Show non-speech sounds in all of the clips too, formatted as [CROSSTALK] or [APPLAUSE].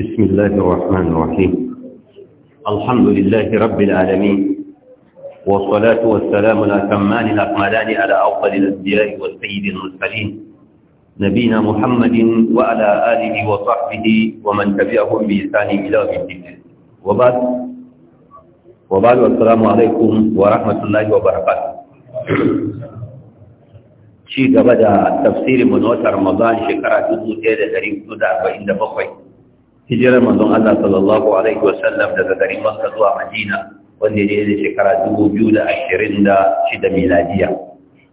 بسم الله الرحمن الرحيم الحمد لله رب العالمين والصلاة والسلام الأتمان الأكملان على أفضل الأنبياء والسيد المرسلين نبينا محمد وعلى آله وصحبه ومن تبعهم بإحسان إلى يوم الدين وبعد وبعد السلام عليكم ورحمة الله وبركاته بدأ gaba da رمضان mu na watan Ramadan shekara 1447 hijirar manzon Allah sallallahu alaihi wasallam daga garin Makka zuwa Madina wanda ya da shekara 2026 miladiya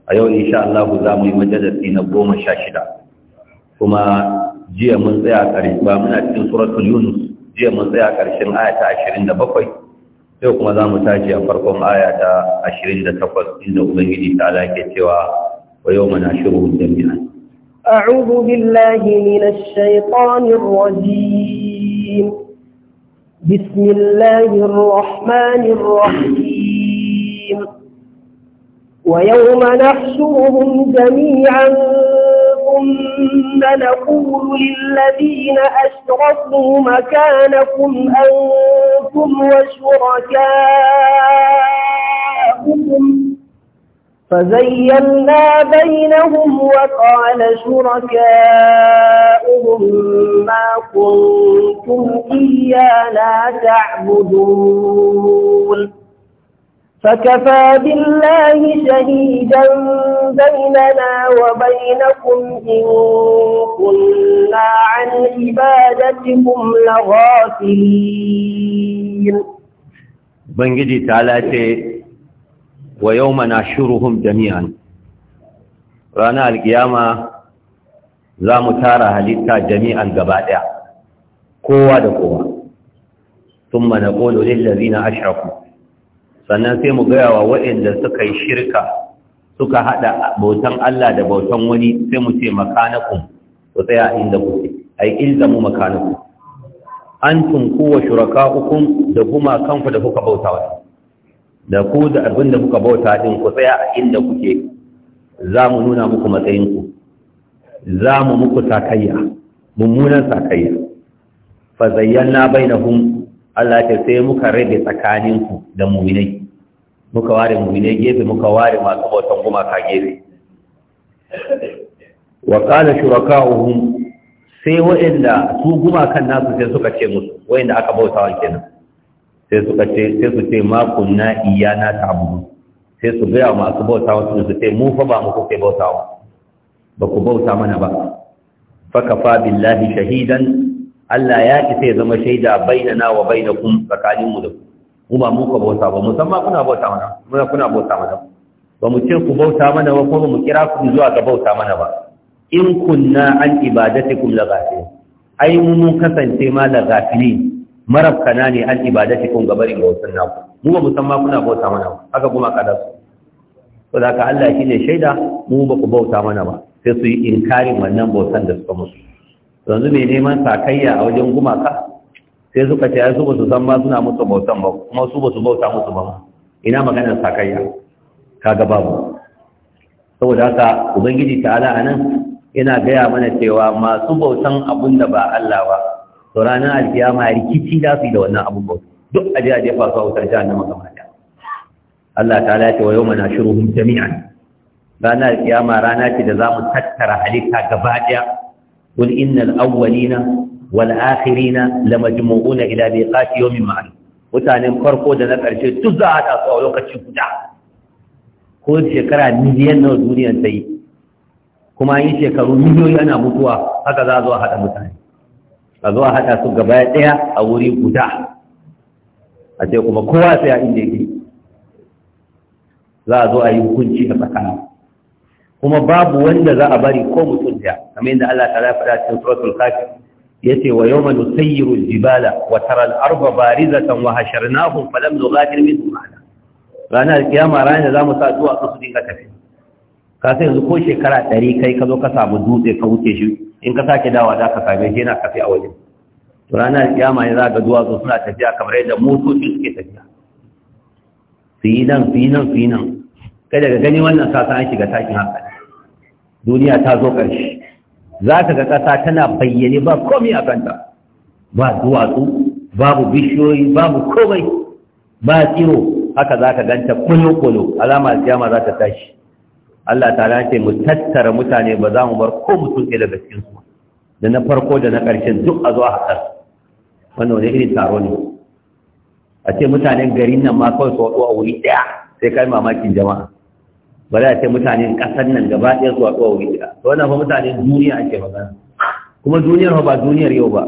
a yau insha Allah za mu yi majalisi na 16 kuma jiya mun tsaya ƙarshe ba muna cikin suratul Yunus jiya mun tsaya ƙarshen aya ta 27 yau kuma za mu tashi a farkon aya ta 28 inda Ubangiji ta ke cewa wa yau mana shiru jami'an أعوذ بالله من الشيطان الرجيم بسم الله الرحمن الرحيم ويوم نحشرهم جميعا ثم نقول للذين أشركوا مكانكم أنتم وشركاءكم فزيّلنا بينهم وقال شركاؤهم ما كنتم إيانا تعبدون فكفى بالله شهيدا بيننا وبينكم إن كنا عن عبادتكم لغافلين بنجي تعالى wa yau mana shuruhun jami'an ranar alkiyama za mu tara halitta jami'an gaba ɗaya kowa da kowa sun mana da zina na sannan sai mu gaya wa waɗanda suka yi shirka suka haɗa bautan Allah da bautan wani sai mu ce makanakun ku tsaya inda ku kuke ai zamu makanakun an tunku wa shuraka'ukum da kuma kanku da kuka bauta wata da ku da abin da kuka bauta din ku tsaya a inda kuke za mu nuna muku matsayinku za mu muku sakayya mummunan sakayya fa zayyana bainahum Allah ta sai muka rabe tsakaninku da mu'minai muka ware mu'minai gefe muka ware masu bautan gumaka gefe wa qala shuraka'uhum sai wa'inda su gumakan nasu sai suka ce musu wa'inda aka bauta wanke kenan sai suka ce sai su ce ma kunna iyana ta'budu sai su ga masu bauta wasu su ce mu fa ba mu kuke bautawa ba ku bauta mana ba fa kafa billahi shahidan Allah ya ki sai zama shaida bainana wa bainakum tsakanin mu da ku mu ba mu ka bauta ba musamman kuna bauta mana muna kuna bauta mana ba mu ce ku bauta mana ba ko ba mu kira ku zuwa ga bauta mana ba in kunna an ibadatikum la ghafilin ai mu mun kasance ma la ghafirin marabkana ne an ibadati kun gabarin bautan naku mu ba musamma kuna bauta mana ba haka kuma kada su to da ka Allah shine shaida mu ba ku bauta mana ba sai su yi inkarin wannan bautan da suka musu yanzu mai neman sakayya a wajen gumaka sai suka ce ai su ba su san ma suna musu bautan ba kuma su ba su bauta musu ba ina maganar sakayya kaga babu saboda haka ubangiji ta'ala anan yana gaya mana cewa masu bautan abunda da ba Allah ba to ranar alkiyama rikici za su yi da wannan abubuwan duk aje aje fa su wutar jahannama na da Allah ta lati wa shiru nashuruhum jami'an ranar alkiyama rana ce da zamu tattara halitta gaba daya qul innal awwalina wal akhirina lamajmu'una ila miqati yawmin ma'lum mutanen farko da na ƙarshe duk za a tasu a lokaci guda ko shekara miliyan na duniyar ta yi kuma yin shekaru miliyoyi ana mutuwa haka za a zo a haɗa mutane a zuwa haɗa su gaba ɗaya a wuri guda a ce kuma kowa sai a inda yake za a zo a yi hukunci a tsakana kuma babu wanda za a bari ko mutum ya. kamar yadda Allah ta lafiya cikin suratul kafir yace wa yawma nusayyiru al-jibala wa tara al bariza barizatan wa hasharnahum falam nughadir minhum ahada ranar kiyama ranar da zamu sa zuwa su dinga tafi ka sai yanzu ko shekara 100 kai ka zo ka samu dutse ka wuce shi in ka sake dawa za ka same shi yana kafi a waje to rana kiyama ne za ga duwatsu suna tafiya kamar yadda motoci suke tafiya su yi nan su yi nan su yi nan kai daga gani wannan sasa an shiga takin haka duniya ta zo ƙarshe za ka ga ƙasa tana bayyane ba komai a kanta ba duwatsu babu bishiyoyi babu komai ba tsiro haka za ka ganta kwalo-kwalo alama kiyama za ta tashi Allah ta ce mu tattara mutane ba za mu bar ko mutum ɗaya daga cikin su da na farko da na ƙarshen duk a zo a haɗar wannan wani irin taro ne a ce mutanen garin nan ma kawai su waɗo a wuri ɗaya sai kai mamakin jama'a ba za a ce mutanen ƙasar nan gaba ɗaya su waɗo a wuri ɗaya to wannan fa mutanen duniya ake magana kuma duniyar ba duniyar yau ba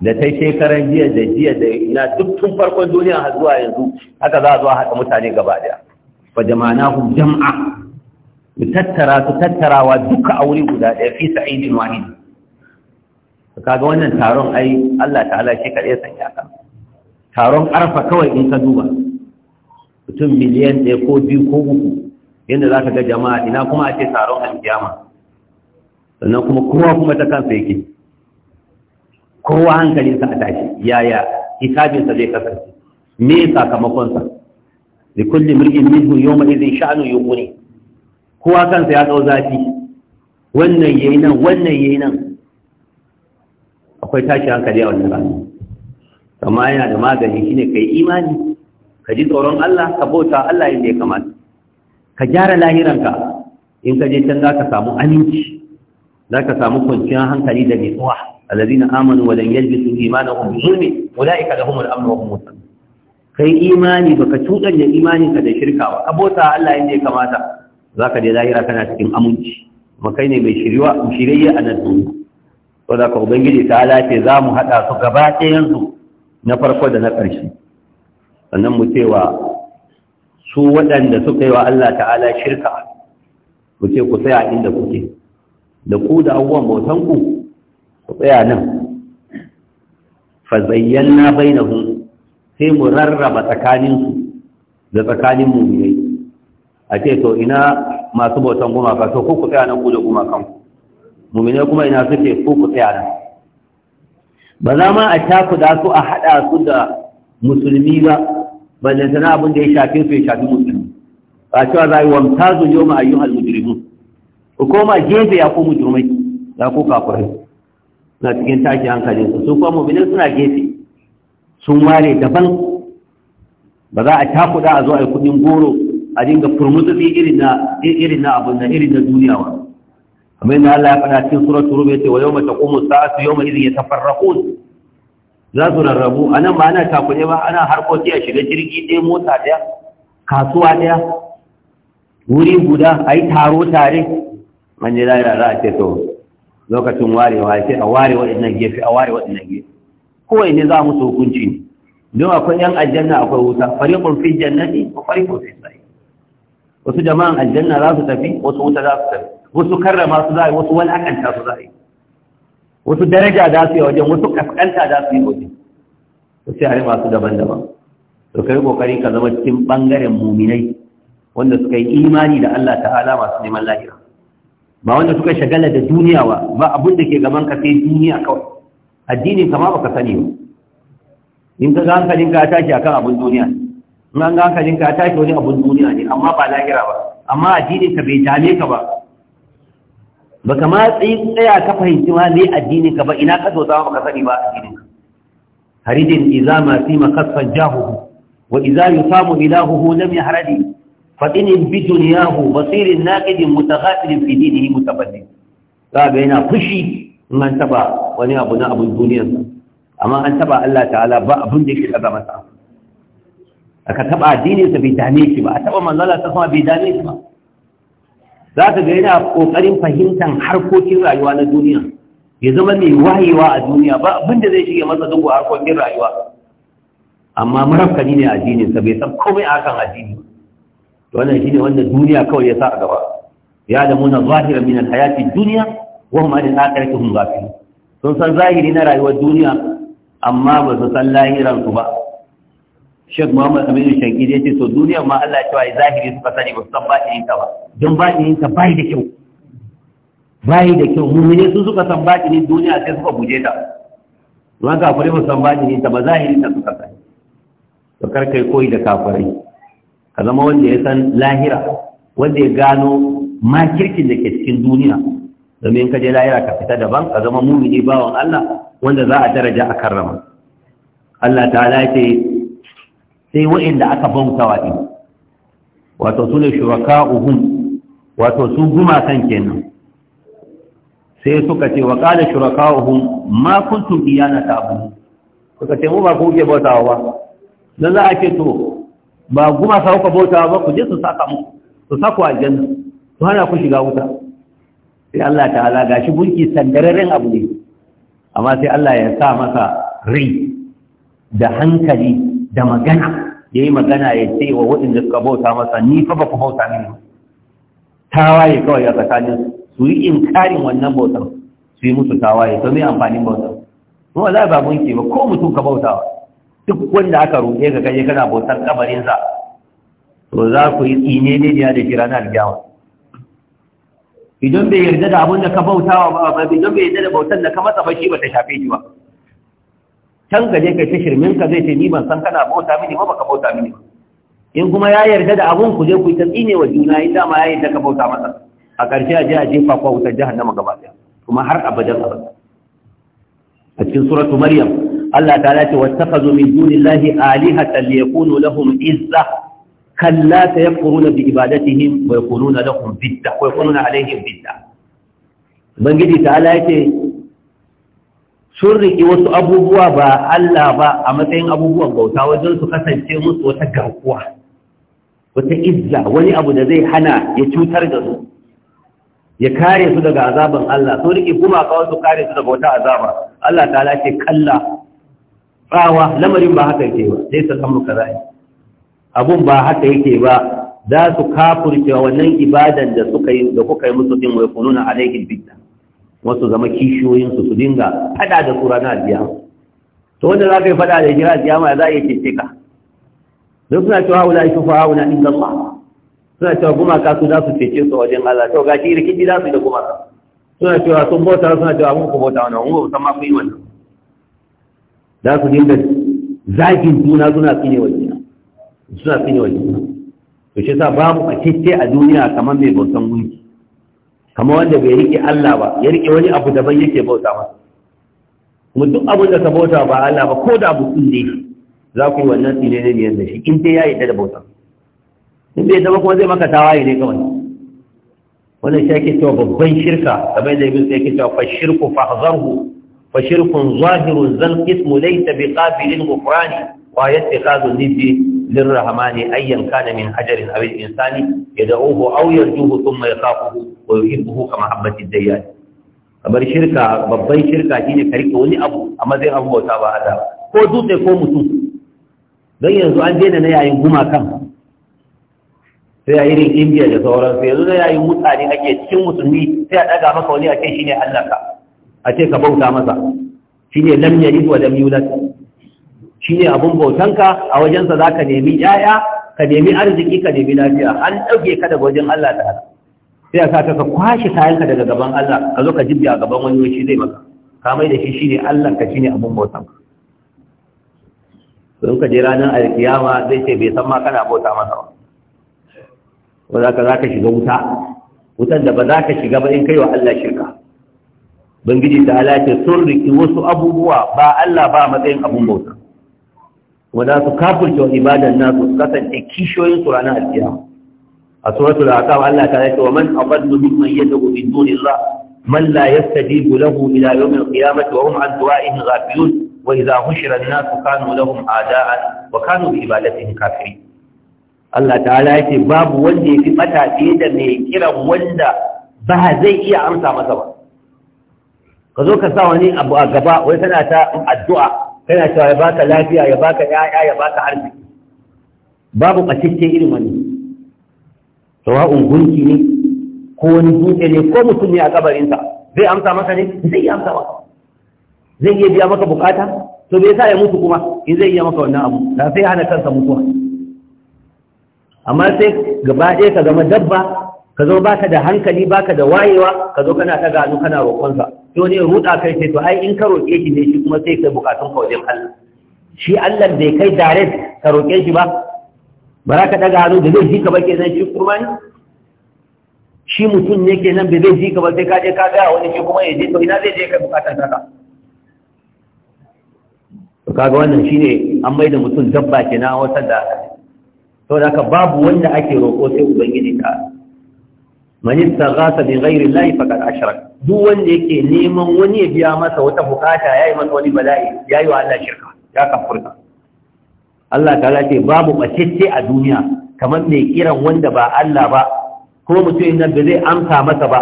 da ta shekaran jiya da jiya da ina duk tun farkon duniya har zuwa yanzu haka za a zuwa haɗa mutane gaba ɗaya. fa jama'a na hu jam'a su tattara su tattarawa duka a wuri guda ɗaya fi sa'idin wahid kaga wannan taron ai Allah ta'ala shi kaɗai sanya ka taron arfa kawai in ka duba mutum miliyan ɗaya ko biyu ko uku yadda za ka ga jama'a ina kuma a ce taron alkiyama sannan kuma kowa kuma ta kansa yake kowa hankalinsa a tashi yaya hisabinsa zai kasance me sakamakonsa likulli mir'in minhu yawma idhin sha'nu yughni kowa kansa ya ɗau zafi wannan yayi nan wannan yayi nan akwai tashi hankali a wannan rana amma yana da magani shine kai imani ka ji tsoron Allah ka bauta Allah yadda ya kamata ka gyara lahiranka in ka je can za ka samu aminci za ka samu kwanciyar hankali da nutsuwa alladhina amanu wa lam yalbisu imanahum bi zulmi ulaika lahumul amn wa hum muhtadun kai imani baka cuɗanya imaninka da shirka ba ka bauta Allah yadda ya kamata za ka je lahira kana cikin aminci makai ne mai shirya a nan duniya to da ka ubangiji ta halace za mu haɗa su gaba ɗayansu na farko da na ƙarshe sannan mu cewa su waɗanda suka yi wa Allah ta'ala shirka mu ce ku tsaya inda kuke da ku da abubuwan bautan ku ku tsaya nan fa zayyana bainahum sai mu rarraba tsakaninsu da tsakanin ne a ce to ina masu bautan gumaka to ku ku tsaya nan ku da gumakan ku mumine kuma ina suke ku ku tsaya nan ba za ma a da su a haɗa su da musulmi ba balle sana abin da ya shafe su ya shafi musulmi ba cewa za a yi wa zu yau ma ayyuhal mujrimun ku koma gefe ya ku mujrimai ya ku kafirai na cikin tashi hankalin su su kuma mu'minin suna gefe sun ware daban ba za a da a zo a yi kudin goro a dinga bi irin na irin na abun na irin na duniya wa amma yadda Allah ya fada cikin suratul rum yace wa yawma taqumu sa'atu yawma idhin yatafarraqun za su rarrabu anan ba ana takure ba ana harkoki a shiga jirgi ɗaya mota ɗaya kasuwa ɗaya wuri guda a yi taro tare man ji lahira za a ce to lokacin warewa ce a ware waɗannan gefe a ware waɗannan gefe kowai ne za mu hukunci ne don akwai yan aljanna akwai wuta fariqun fi jannati wa fariqun fi sa'i wasu jama'an aljanna za su tafi wasu wuta za su tafi wasu karrama su za yi wasu walakanta su za yi wasu daraja za su yi wajen wasu kaskanta za su yi wajen su sai a su daban-daban to kai kokari ka zama cikin bangaren muminai wanda suka yi imani da Allah ta'ala masu neman lahira ba wanda suka shagala da duniya ba ba abin da ke gaban ka sai duniya kawai addinin ka ma baka sani ba in ka ga hankalin ka tashi akan abin duniya in an ga hankalin ka tashi wani abun duniya ne amma ba lahira ba amma addinin ka bai jame ka ba ba kama tsayi tsaya ka fahimci ma ne addinin ka ba ina ka zo ba ka sani ba addinin ka haridin iza ma fi makasfan jahuhu wa iza yusamu ilahuhu lam yahradi fadinin bi duniyahu basirin naqidin mutaghafilin fi dinihi mutabaddil kaga yana fushi in an taba wani abu na abun duniyarsa amma an taba Allah ta'ala ba abun da yake kaza masa aka taba addinin sa bai dame shi ba a taba manzala ta sama bai dame shi ba za ka ga yana kokarin fahimtar harkokin rayuwa na duniya ya zama mai wayewa a duniya ba abin da zai shige masa dungu harkokin rayuwa amma marafkani ne addininsa bai san komai akan addini to wannan ne wanda duniya kawai ya sa a gaba ya da muna zahira min alhayati dunya wa da an akhirati hum ghafilun sun san zahiri na rayuwar duniya amma ba su san lahiransu ba Sheikh Muhammad Aminu Shanki ne ce to duniyar ma Allah cewa zahiri suka sani ba su san batinin ta ba don batinin ta bai da kyau bai da kyau ne su suka san bakin duniya sai suka buje ta don haka akwai ba san bakin ta ba zahiri ta suka sani to kar kai koyi da kafirai ka zama wanda ya san lahira wanda ya gano ma kirkin da ke cikin duniya domin ka je lahira ka fita daban ka zama mumini bawan Allah wanda za a daraja a karrama Allah ta'ala ce sai da aka bautawa ɗin wato su ne uhun wato su kan kenan sai suka ce wa shuraka uhun ma kuntum iyana abu. suka ce mu ba ku ke bautawa ba dan za a ce to ba guma sa kuka bautawa ba ku je su saka mu su saka aljanna su hana ku shiga wuta sai Allah ta'ala gashi gunki sandararren abu ne amma sai Allah ya sa masa rai da hankali da magana yayi magana ya ce wa waɗanda suka bauta masa ni fa ba ku bauta mini ba tawaye kawai a tsakanin su yi inkarin wannan bautar su yi musu tawaye to me amfanin bautar kuma za ba mun ba ko mutum ka bautawa duk wanda aka roƙe ka kaje kana bautar kabarinsa to za ku yi tsine ne da da kira na alƙiyama idan bai yarda da abin da ka bauta wa ba idan bai yarda da bautar da ka masa ba shi ba ta shafe shi ba can ka je kai ta shirmin ka zai ce ni ban san kana bauta mini ba baka bauta mini in kuma ya yarda da abun ku je ku ta tsine wa juna in dama ya yarda ka bauta masa a ƙarshe a je a jefa a wutar jahannama gaba ɗaya kuma har abadan abada a cikin suratu maryam Allah ta ce wattakhadhu min dunillahi alihatan liyakunu lahum izza kalla Kuruna, bi ibadatihim wa yakununa lahum bidda wa yakununa alaihim bidda ubangiji ta ala yake sun riƙe wasu abubuwa ba Allah ba a matsayin abubuwan bauta wajen su kasance musu wata garkuwa wata izza wani abu da zai hana ya cutar da su ya kare su daga azaban Allah sun riƙe kuma ka wasu kare su daga wata azaba Allah ta lace kalla tsawa lamarin ba haka yake ba sai su samu kaza'i abun ba haka yake ba za su kafurce wannan ibadan da suka yi da kuka yi musu din mai kununa alaihi bidda wasu zama kishiyoyinsu su dinga fada da su ranar alkiyama to wanda za ka yi fada da shi ranar ma za a iya cece don suna cewa wula shi fa wuna inda Allah suna cewa gumaka su za su cece su wajen Allah to gashi rikici za su yi da gumaka suna cewa sun bauta suna cewa mun ku bauta wani wani wani san ma ku yi wannan za su dinga zagin juna suna tsine wa juna suna tsine wa juna to shi sa babu a cece a duniya kamar mai bautan gunki kamar wanda bai rike Allah ba ya rike wani abu daban yake bauta masa kuma duk abin da ka bauta ba Allah ba ko da abu sun ne za ku yi wannan tsine ne biyan da shi in dai ya yi da bauta in bai zama kuma zai maka tawaye ne kawai wanda shi yake cewa babban shirka kamar da ibn sai yake cewa fa shirku fa hazarhu fa shirkun zahirun zal qismu laysa bi qabilin ghufrani wa yattakhadhu nibbi للرحمن أيا كان من حجر أو الإنسان يدعوه أو يرجوه ثم يخافه ويحبه كمحبة الديان kamar shirka babban shirka shine ka wani abu a matsayin abu bauta ba hada ko dutse ko mutum don yanzu an daina na yayin gumakan sai a irin indiya da sauransu yanzu na yayin mutane ake cikin musulmi sai a daga maka wani a ce shine allah ka a ce bauta masa shine lam wa Shi ne abin bautanka a wajensa ka nemi yaya ka nemi arziki ka nemi lafiya an ɗauke ka daga wajen Allah ta ta'ala sai a sata ka kwashe kayanka daga gaban Allah ka zo ka jibbi a gaban wani wani zai maka ka mai da shi shi ne Allah ka ne abin bautanka sun ka je ranar alkiyama zai ce bai san ma kana bauta masa ba ko za ka za ka shiga wuta wutan da ba za ka shiga ba in kai wa Allah shirka bangiji ta halace sun riki wasu abubuwa ba Allah ba matsayin abin bauta kuma za su kafurce wa ibadan nasu kasance kishiyoyin su ranar alkiyama a suratul aqab Allah ta yake wa man afadlu mimman yad'u min dunillah man la yastajibu lahu ila yawm alqiyamati wa hum an du'a'ihim ghafilun wa idha hushira an-nasu kanu lahum a'da'an wa kanu bi ibadatihim kafirin Allah ta'ala yake babu wanda ya fi matafi da mai kiran wanda ba zai iya amsa masa ba ka zo ka sa wani abu a gaba wai tana ta addu'a kana cewa ya baka lafiya ya baka ya'ya ya baka arziki babu kacicce irin wani sawa'un gunki ne ko wani dutse ne ko mutum ne a kabarinsa zai amsa maka ne zai iya amsa maka zai iya biya maka bukata to bai sa ya mutu kuma in zai iya maka wannan abu da sai hana kansa mutuwa amma sai gaba ɗaya ka zama dabba ka zo baka da hankali baka da wayewa ka zo kana ta gano kana roƙonsa to ne ruɗa kai sai to ai in ka roƙe shi ne shi kuma sai kai bukatun ka wajen Allah shi Allah bai kai direct ka roƙe shi ba ba za ka ɗaga hannu da zai ji ka ba kenan shi kuma ne shi mutum ne kenan bai zai ji ka ba sai ka je ka gaya wani shi kuma ya je to ina zai je kai bukatan ka to kaga wannan shine an mai da mutum dabba kenan wata da da ka babu wanda ake roƙo sai ubangiji ta man istaghatha bi ghairi llahi faqad ashrak duk wanda yake neman wani ya biya masa wata bukata yayi masa wani bala'i yayi wa Allah shirka ya kafurta Allah ta ce babu bacecce a duniya kamar mai kiran wanda ba Allah ba ko mutum nan da zai amsa masa ba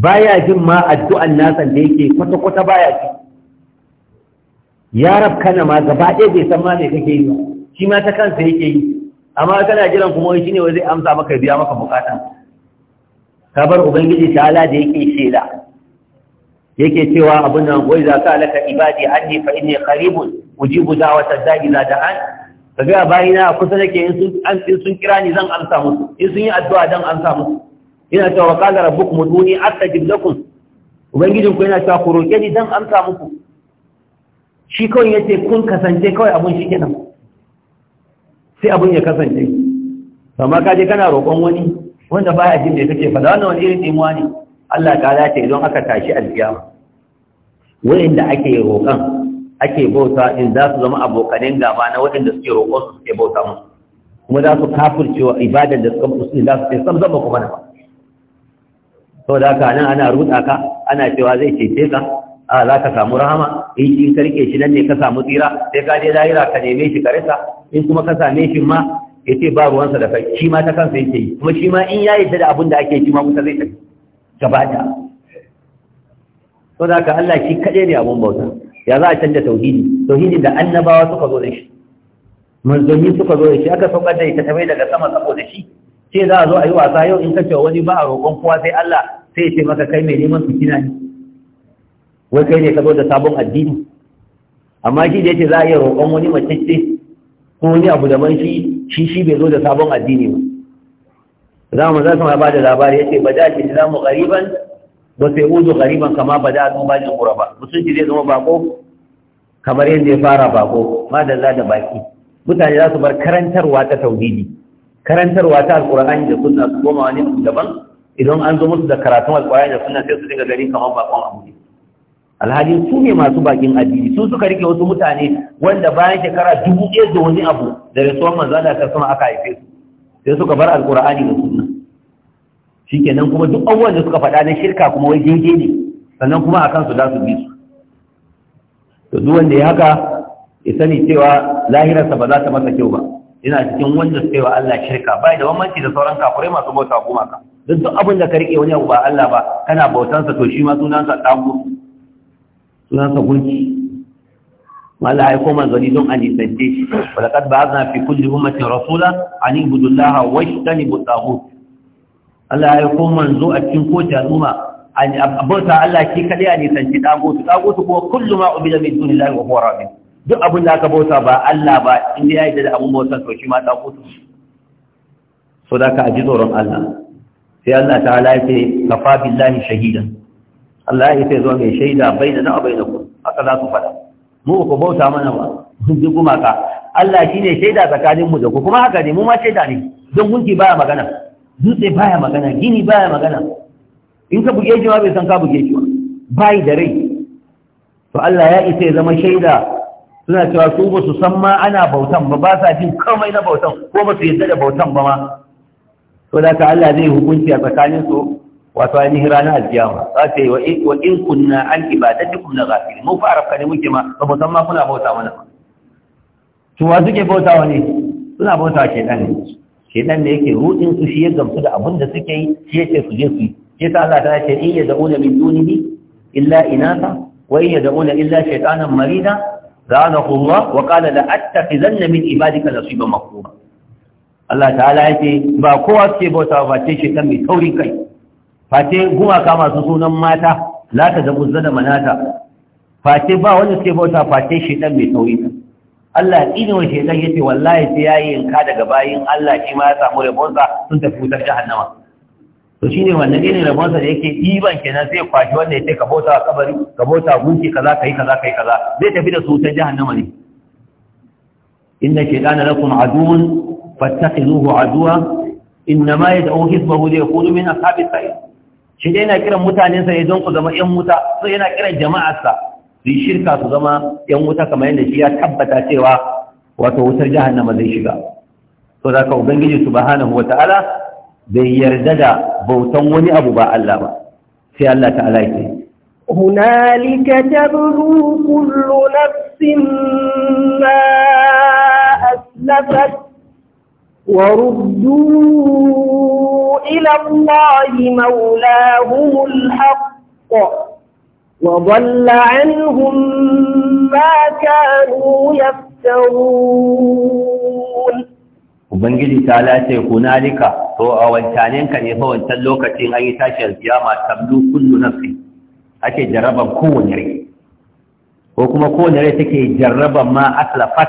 baya jin ma addu'an nasan da yake kwata kwata baya ci ya rab kana ma gaba ɗaya bai san ma me kake yi shi ma ta kansa yake yi amma kana jiran kuma wai shine wai zai amsa maka biya maka bukata ka bar ubangiji ta'ala da yake shela yake cewa abin nan wai za ka alaka ibadi anni fa inni qaribun ujibu da'wata da'i la da'an kaga bayina a kusa nake in sun an sun kira ni zan amsa musu in sun yi addu'a dan amsa musu ina cewa qala rabbukum uduni astajib lakum ubangijin ku yana cewa ku roke ni dan amsa muku shi kawai yace kun kasance kawai abun shi kenan sai abun ya kasance amma kaje kana roƙon wani wanda baya jin da kake fada wannan wani irin imuwa ne Allah ta yi don aka tashi alkiyama wayanda ake roƙon ake bauta in za su zama abokanen gaba na waɗanda suke roƙon su suke bauta musu kuma za su kafirce wa ibadan da suka musu za su sai sam zama kuma na ba sau da ka nan ana ruɗa ka ana cewa zai cece ka a za ka samu rahama in kin karke shi nan ne ka samu tsira sai ka je zahira ka neme shi ka rasa in kuma ka same shi ma ya ce ba ruwansa da kai shi ma ta kansa yake yi kuma shi ma in ya yi da abin da ake yi ma kusa zai tafi gabata so da ka Allah shi kaɗai ne abun bauta ya za a canja tauhidi tauhidi da annabawa suka zo da shi manzanni suka zo da shi aka saukar da ita tabai daga sama saboda shi ce za a zo a yi wasa yau in kace wani ba a roƙon kowa sai Allah sai ya ce maka kai mai neman fitina ne wai kai ne ka zo da sabon addini amma shi da yace za a iya roƙon wani mace ce ko wani abu da man shi shi bai zo da sabon addini ba za mu za su ma ba da labari ya ce ba da ake za mu ba sai uzu ƙariban kama ba da sun bajin kura ba musulunci zai zama bako kamar yadda ya fara bako ma da za da baki mutane za su bar karantarwa ta tauhidi karantarwa ta alƙur'ani da sunna su koma wani daban idan an zo musu da karatun alƙur'ani da sunna sai su dinga gari kamar bakon abu ne alhali su ne masu bakin addini su suka rike wasu mutane wanda bayan shekara dubu ɗaya da wani abu da manzo Allah ta sama aka haife su sai suka bar alkur'ani da sunna shikenan kuma duk abubuwan da suka faɗa na shirka kuma wai daidai ne sannan kuma akan su za su bi su to duk wanda ya haka ya sani cewa lahirarsa ba za ta masa kyau ba yana cikin wanda suka yi wa Allah shirka bai da bambanci da sauran kafirai masu bauta gumaka duk duk abin da ka rike wani abu ba Allah ba kana bautansa to shi ma sunansa ɗan sunan sa gunki Allah ya koma gari don a nisance shi walaqad ba'athna fi kulli ummatin rasula an ibudu Allah wa ishtanibu taghut Allah ya koma zo a cikin kowace al'umma abota Allah shi kadai a nisanci taghut taghut kuma kullu ma ubida min dunillahi wa huwa rabbi duk abun da ka bauta ba Allah ba inda ya yi da abun bauta to shi ma taghut so da ka ji tsoron Allah sai Allah ta ya ka kafa billahi shahidan Allah ya sai zo mai shaida baina na da ku haka za su faɗa mu ku bauta mana ba sun ji gumaka Allah shine shaida tsakanin mu da ku kuma haka ne mu ma shaida ne don gunki baya magana dutse baya magana gini baya magana in ka buge jiwa bai san ka buge jiwa bai da rai to Allah ya isa ya zama shaida suna cewa su ba su san ma ana bautan ba ba sa jin komai na bautan ko ba su yadda da bautan ba ma to da ka Allah zai hukunci a tsakanin su wato ainihin ranar alkiyama za ta yi wa in kunna an ibadatukum na ghafil mun fara kare muke ma ba mu san ma kuna bauta mana ba to wa suke bauta ne suna bauta shedan ne shedan ne yake rudin su shi ya gamsu da abin da suke yi shi yake su je su yi shi ta Allah ta ce in yad'una min dunihi illa inasa wa in yad'una illa shaytanan marida zanahu Allah wa qala la attakhizanna min ibadika nasiban maqrura Allah ta'ala ya ce ba kowa suke bauta ba ce shi shedan mai taurin kai face gumaka masu sunan mata za da muzza da manata face ba wani suke bauta face shedan mai tauri Allah ya wa shedan yace wallahi sai yi yanka daga bayin Allah shi ma ya samu rabonsa sun tafi wutar jahannama to shine wannan ne rabonsa da yake ɗiban kenan sai kwashi wanda yace ka bauta a kabari ka bauta gunki kaza kai kaza kai kaza zai tafi da su wutar jahannama ne inna shaytana lakum aduwwun fattakhizuhu aduwa innama yad'u hizbahu liyakunu min ashabis sa'ir shi yana kiran mutanensa ne don ku zama ‘yan wuta so yana kiran jama'arsa su yi shirka su zama ‘yan wuta kamar yadda shi ya tabbata cewa wato wutar jahannama zai shiga so za ka ubangiji subhanahu wa ta'ala bai yarda da bautan wani abu ba Allah ba sai Allah ta'ala yake هنالك تبلو كل نفس ما أسلفت وردوا إلى الله مولاهم الحق وضل عنهم ما كانوا يفترون Ubangiji ta lace hunalika to a wancanenka ne fa wancan lokacin an yi tashiyar kiyama tablu kullu nafsi ake jarraban kowane rai ko kuma kowane rai take jarraban ma aslafat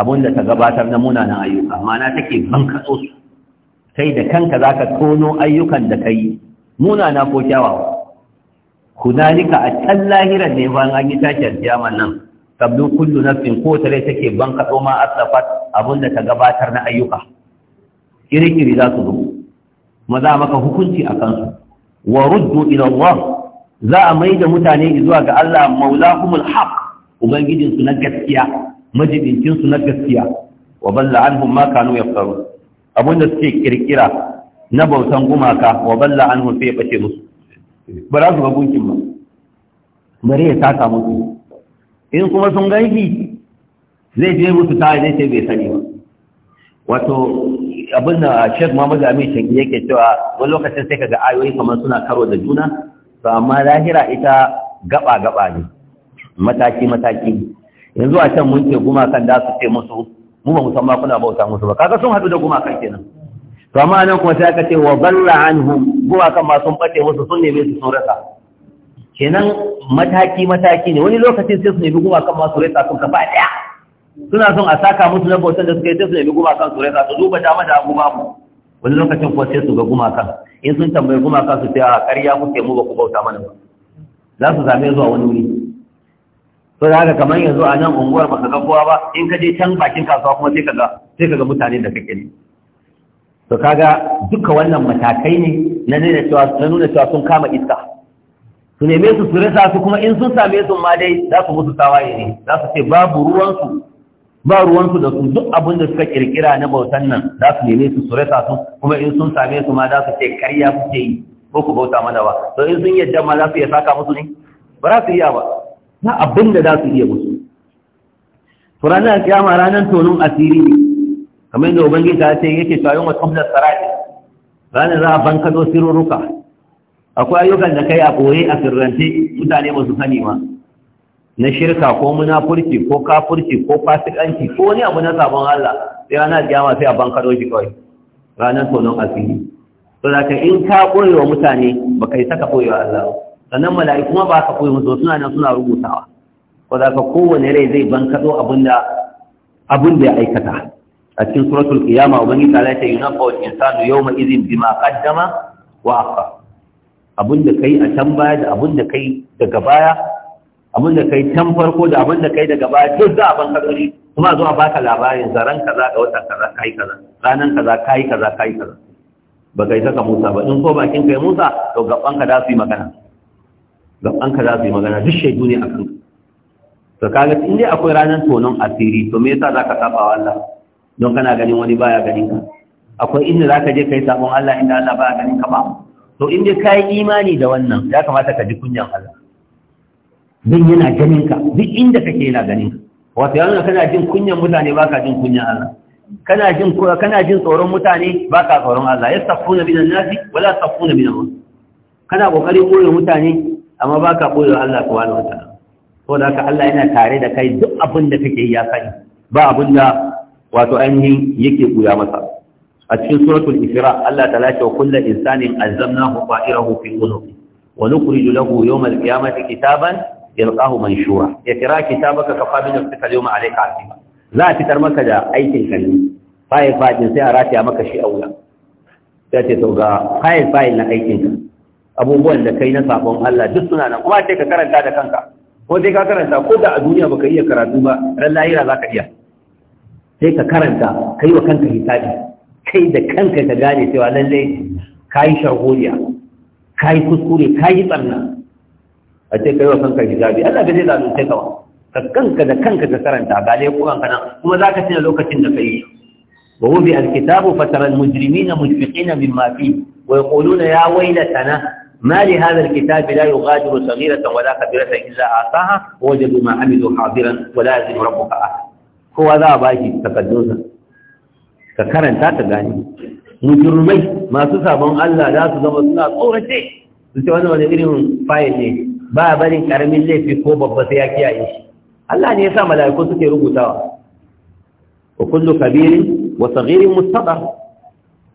abinda ta gabatar na munanan ayyuka mana take ban katso kai da kanka za ka tono ayyukan da kai, yi na ko kyawawa hunalika a can lahirar ne bayan an yi tashiyar kiyaman nan sabdu kullu nafsin ko ta rai take ban kaɗo ma asafat abin da ta gabatar na ayyuka iri-iri za su zo maza maka hukunci a kansu wa ruddu ila Allah za a mai da mutane zuwa ga Allah maulahumul haq ubangijinsu na gaskiya majibincinsu na gaskiya wa balla anhum ma kanu yaftarun abin da suke kirkira na bautan gumaka wa balla an hufe ya ɓace musu ba za su ga gunkin ba bari ya taka musu in kuma sun ganki zai je musu ta zai ce bai sani ba wato abin da shek muhammadu amin shanki yake cewa wani lokacin sai ka ga ayoyi kamar suna karo da juna to amma lahira ita gaba gaba ne mataki mataki yanzu a can mun ce gumakan da su ce musu mu ba musamman kuna bauta musu ba kaga sun hadu da gumakan kenan to amma nan kuma sai aka ce wa balla anhum gumakan ma sun bace musu sun nemi su sun rasa kenan mataki mataki ne wani lokacin sai su nemi gumakan ma su rasa sun kafa daya suna son a saka musu na bautan da suka yi sai su nemi gumakan su rasa su duba dama da abu babu wani lokacin ko sai su ga gumakan in sun tambayi gumakan su sai a ƙarya muke mu ba ku bauta mana ba za su same zuwa wani wuri to da haka kamar yanzu a nan unguwar ka ga kowa ba in ka je can bakin kasuwa kuma sai kaga sai ga mutane da kake ne to kaga duka wannan matakai ne na nuna cewa na nuna cewa sun kama iska su neme su su rasa su kuma in sun same su ma dai za su musu tawaye ne za su ce babu ruwansu ba ruwansu da su duk abin da suka kirkira na bautan nan za su neme su su rasa su kuma in sun same su ma za su ce karya kuke yi ko ku bauta mana ba to in sun yadda ma za su iya saka musu ne ba za su iya ba ba abin da za su iya musu to ranar kiyama ranar tonon asiri ne kamar yadda ubangiji ce yake cewa yawan kamar sarari ranar za a bankado sirruka akwai ayyukan da kai a ɓoye a sirrance mutane masu su sani na shirka ko munafurci ko kafurci ko fasikanci ko wani abu na sabon Allah sai ranar kiyama sai a bankaro shi kawai ranar tonon asiri to da in ka wa mutane ba kai saka wa Allah ba. sannan mala'iku ma ba ka koyi musu suna nan suna rubutawa ko za ka kowane rai zai bankaɗo abin da ya aikata a cikin suratul qiyama ubangiji ta lafiya yunabba wa insanu yawma idhin bima qaddama wa akha abin da kai a can baya da abin da kai daga baya abin da kai can farko da abin da kai daga baya duk za a ban shi kuma zuwa baka labarin zaren kaza ga watan kaza kai kaza ranan kaza kai kaza kai kaza ba kai saka Musa ba in ko bakin kai Musa to gaban ka da su yi magana an ka za su yi magana duk shaidu ne a kanka to kaga in dai akwai ranar tonon asiri to me yasa zaka saba wa Allah don kana ganin wani baya ganin ka akwai inda zaka je kai sabon Allah inda Allah baya ganin ka ba to in dai kai imani da wannan ya kamata ka ji kunyan Allah dan yana ganin ka duk inda kake yana ganin ka wato yana kana jin kunyan mutane baka jin kunyan Allah kana jin kana jin tsoron mutane baka tsoron Allah bi minan nasi wala tafuna minan kana kokarin koyo mutane amma ba ka ɓoye Allah su wani wata ko da haka Allah yana tare da kai duk abin da kake ya sani ba abin da wato ainihin yake ɓuya masa a cikin suratul isra Allah ta lafiya kullum insanin azzamnahu ba'irahu fi unuqi wa nukhriju lahu yawmal qiyamati kitaban yalqahu manshura ikra kitabaka kafa bi nafsika yawma alayka Asima. za a fitar maka da aikin ka ne fayil fayil sai a rataya maka shi a wuya sai ce to ga fayil fayil na aikin ka abubuwan da kai na sabon Allah duk suna nan kuma sai ka karanta da kanka ko sai ka karanta ko da a duniya baka iya karatu ba ran lahira zaka iya sai ka karanta kai wa kanka hisabi kai da kanka ka gane cewa lalle kai ka kai kuskure kai tsarna a ce kai wa kanka hisabi Allah ba zai da sai ba ka kanka da kanka ka karanta ga dai kuran kana kuma zaka tuna lokacin da kai wa huwa bi alkitabu fatara almujrimina mushfiqina mimma fi wa yaquluna ya ما لهذا الكتاب لا يغادر صغيرة ولا كبيرة إلا آتاها ووجدوا ما عملوا حاضرا ولا يزن ربك أحد هو ذا باجي تقدوزا ككرن تاتغاني مجرمي ما سسابون الله لا تزم الصلاة صورة su wani wani irin fayil ne ba a barin karamin laifi ko babba sai ya kiyaye Allah ne ya sa mala'iku suke rubutawa wa kullu kabirin wa saghirin mustaqar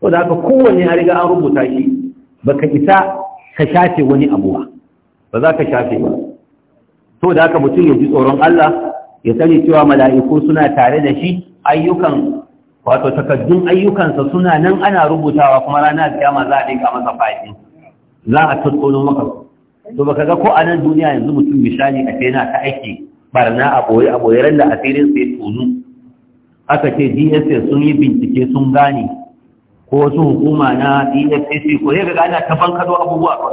ko da haka kowanne an riga an rubuta shi baka isa ka shafe wani abuwa ba za ka shafe ba to da haka mutum ya ji tsoron Allah ya sani cewa mala'iku suna tare da shi ayyukan wato takaddun ayyukansa suna nan ana rubutawa kuma ranar kiyama za a dinka masa faɗi za a tattauno maka to baka ga ko a nan duniya yanzu mutum misali a ce yana ta aiki barna a boye a boye ran da asirin sai tunu aka ce DSS sun yi bincike sun gane ko wasu hukuma na efcc ko sai ga ana tabban kado abubuwa ko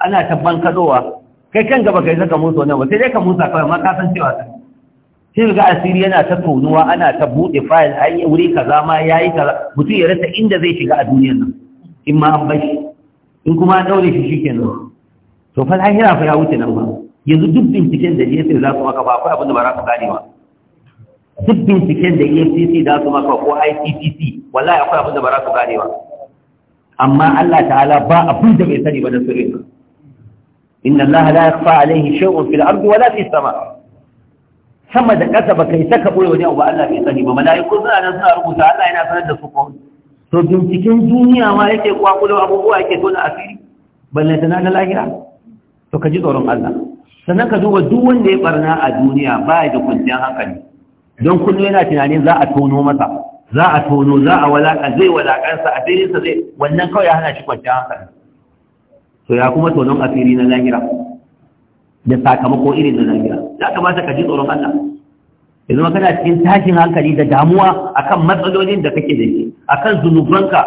ana tabban kadowa kai kan gaba kai saka musu wannan ba sai dai ka musa kawai ma ka san cewa sai sai ga asiri yana ta tonuwa ana ta buɗe fayil a wuri kaza ma ya yi kaza mutum ya rasa inda zai shiga a duniyar nan in ma an bashi in kuma an daure shi shi ke nan to fa lahira fa ya wuce nan ba yanzu duk binciken da yake za su maka ba akwai abin da ba za ka gane ba duk binciken da efcc za su maka ko icpc wallahi akwai abin da ba za su gane ba amma Allah ta'ala ba abin da bai sani ba na sirri inna Allah la yakhfa alayhi shay'un fil ardi wala fis sama sama da ƙasa ba kai saka boye wani abu Allah bai sani ba mala'iku suna nan suna rubuta Allah yana sanar da su ko to binciken duniya ma yake kwakulo abubuwa yake tona asiri balle tana na lahira to ka ji tsoron Allah sannan ka duba duk wanda ya barna a duniya ba ya da kwanciyar hankali don kullum yana tunanin za a tono masa za a tono za a walaƙa, zai walaƙansa a firinsa zai wannan kawai ya hana shi kwanciyar hankali to ya kuma tonon a firi na lahira da sakamako irin na lahira ya kamata ka ji tsoron Allah yanzu ma kana cikin tashin hankali da damuwa akan matsalolin da kake da shi akan zunubanka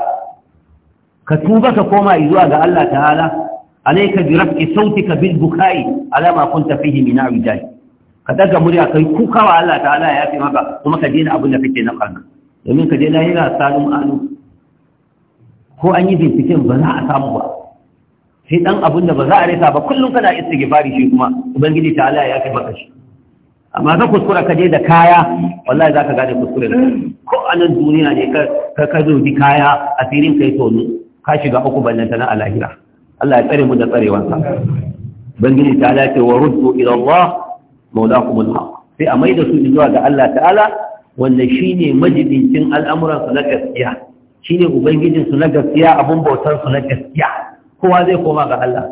ka tuba ka koma zuwa ga Allah ta'ala alayka bi raf'i sautika bil bukai ala ma kunta fihi min a'idai ka daga murya kai kukawa Allah ta'ala ya yafi maka kuma ka dina abin da kake na karna domin ka je lahira tsarin alu ko an yi binciken ba za a samu ba sai dan abin da ba za a rasa ba kullum kana istighfari shi kuma ubangiji ta Allah ya kai maka shi amma ka kuskura ka je da kaya wallahi za ka gane kuskure ko a nan duniya ne ka ka zo bi kaya asirin kai to ne ka shiga uku ballanta na alahira Allah ya tsare mu da sa ubangiji ta ala ya ce wa ruddu ila Allah mawlakumul haq sai a maida su zuwa ga Allah ta'ala wanda shine majibincin al'amuransu na gaskiya shine ubangijin su na gaskiya abin bautarsu na gaskiya kowa zai koma ga Allah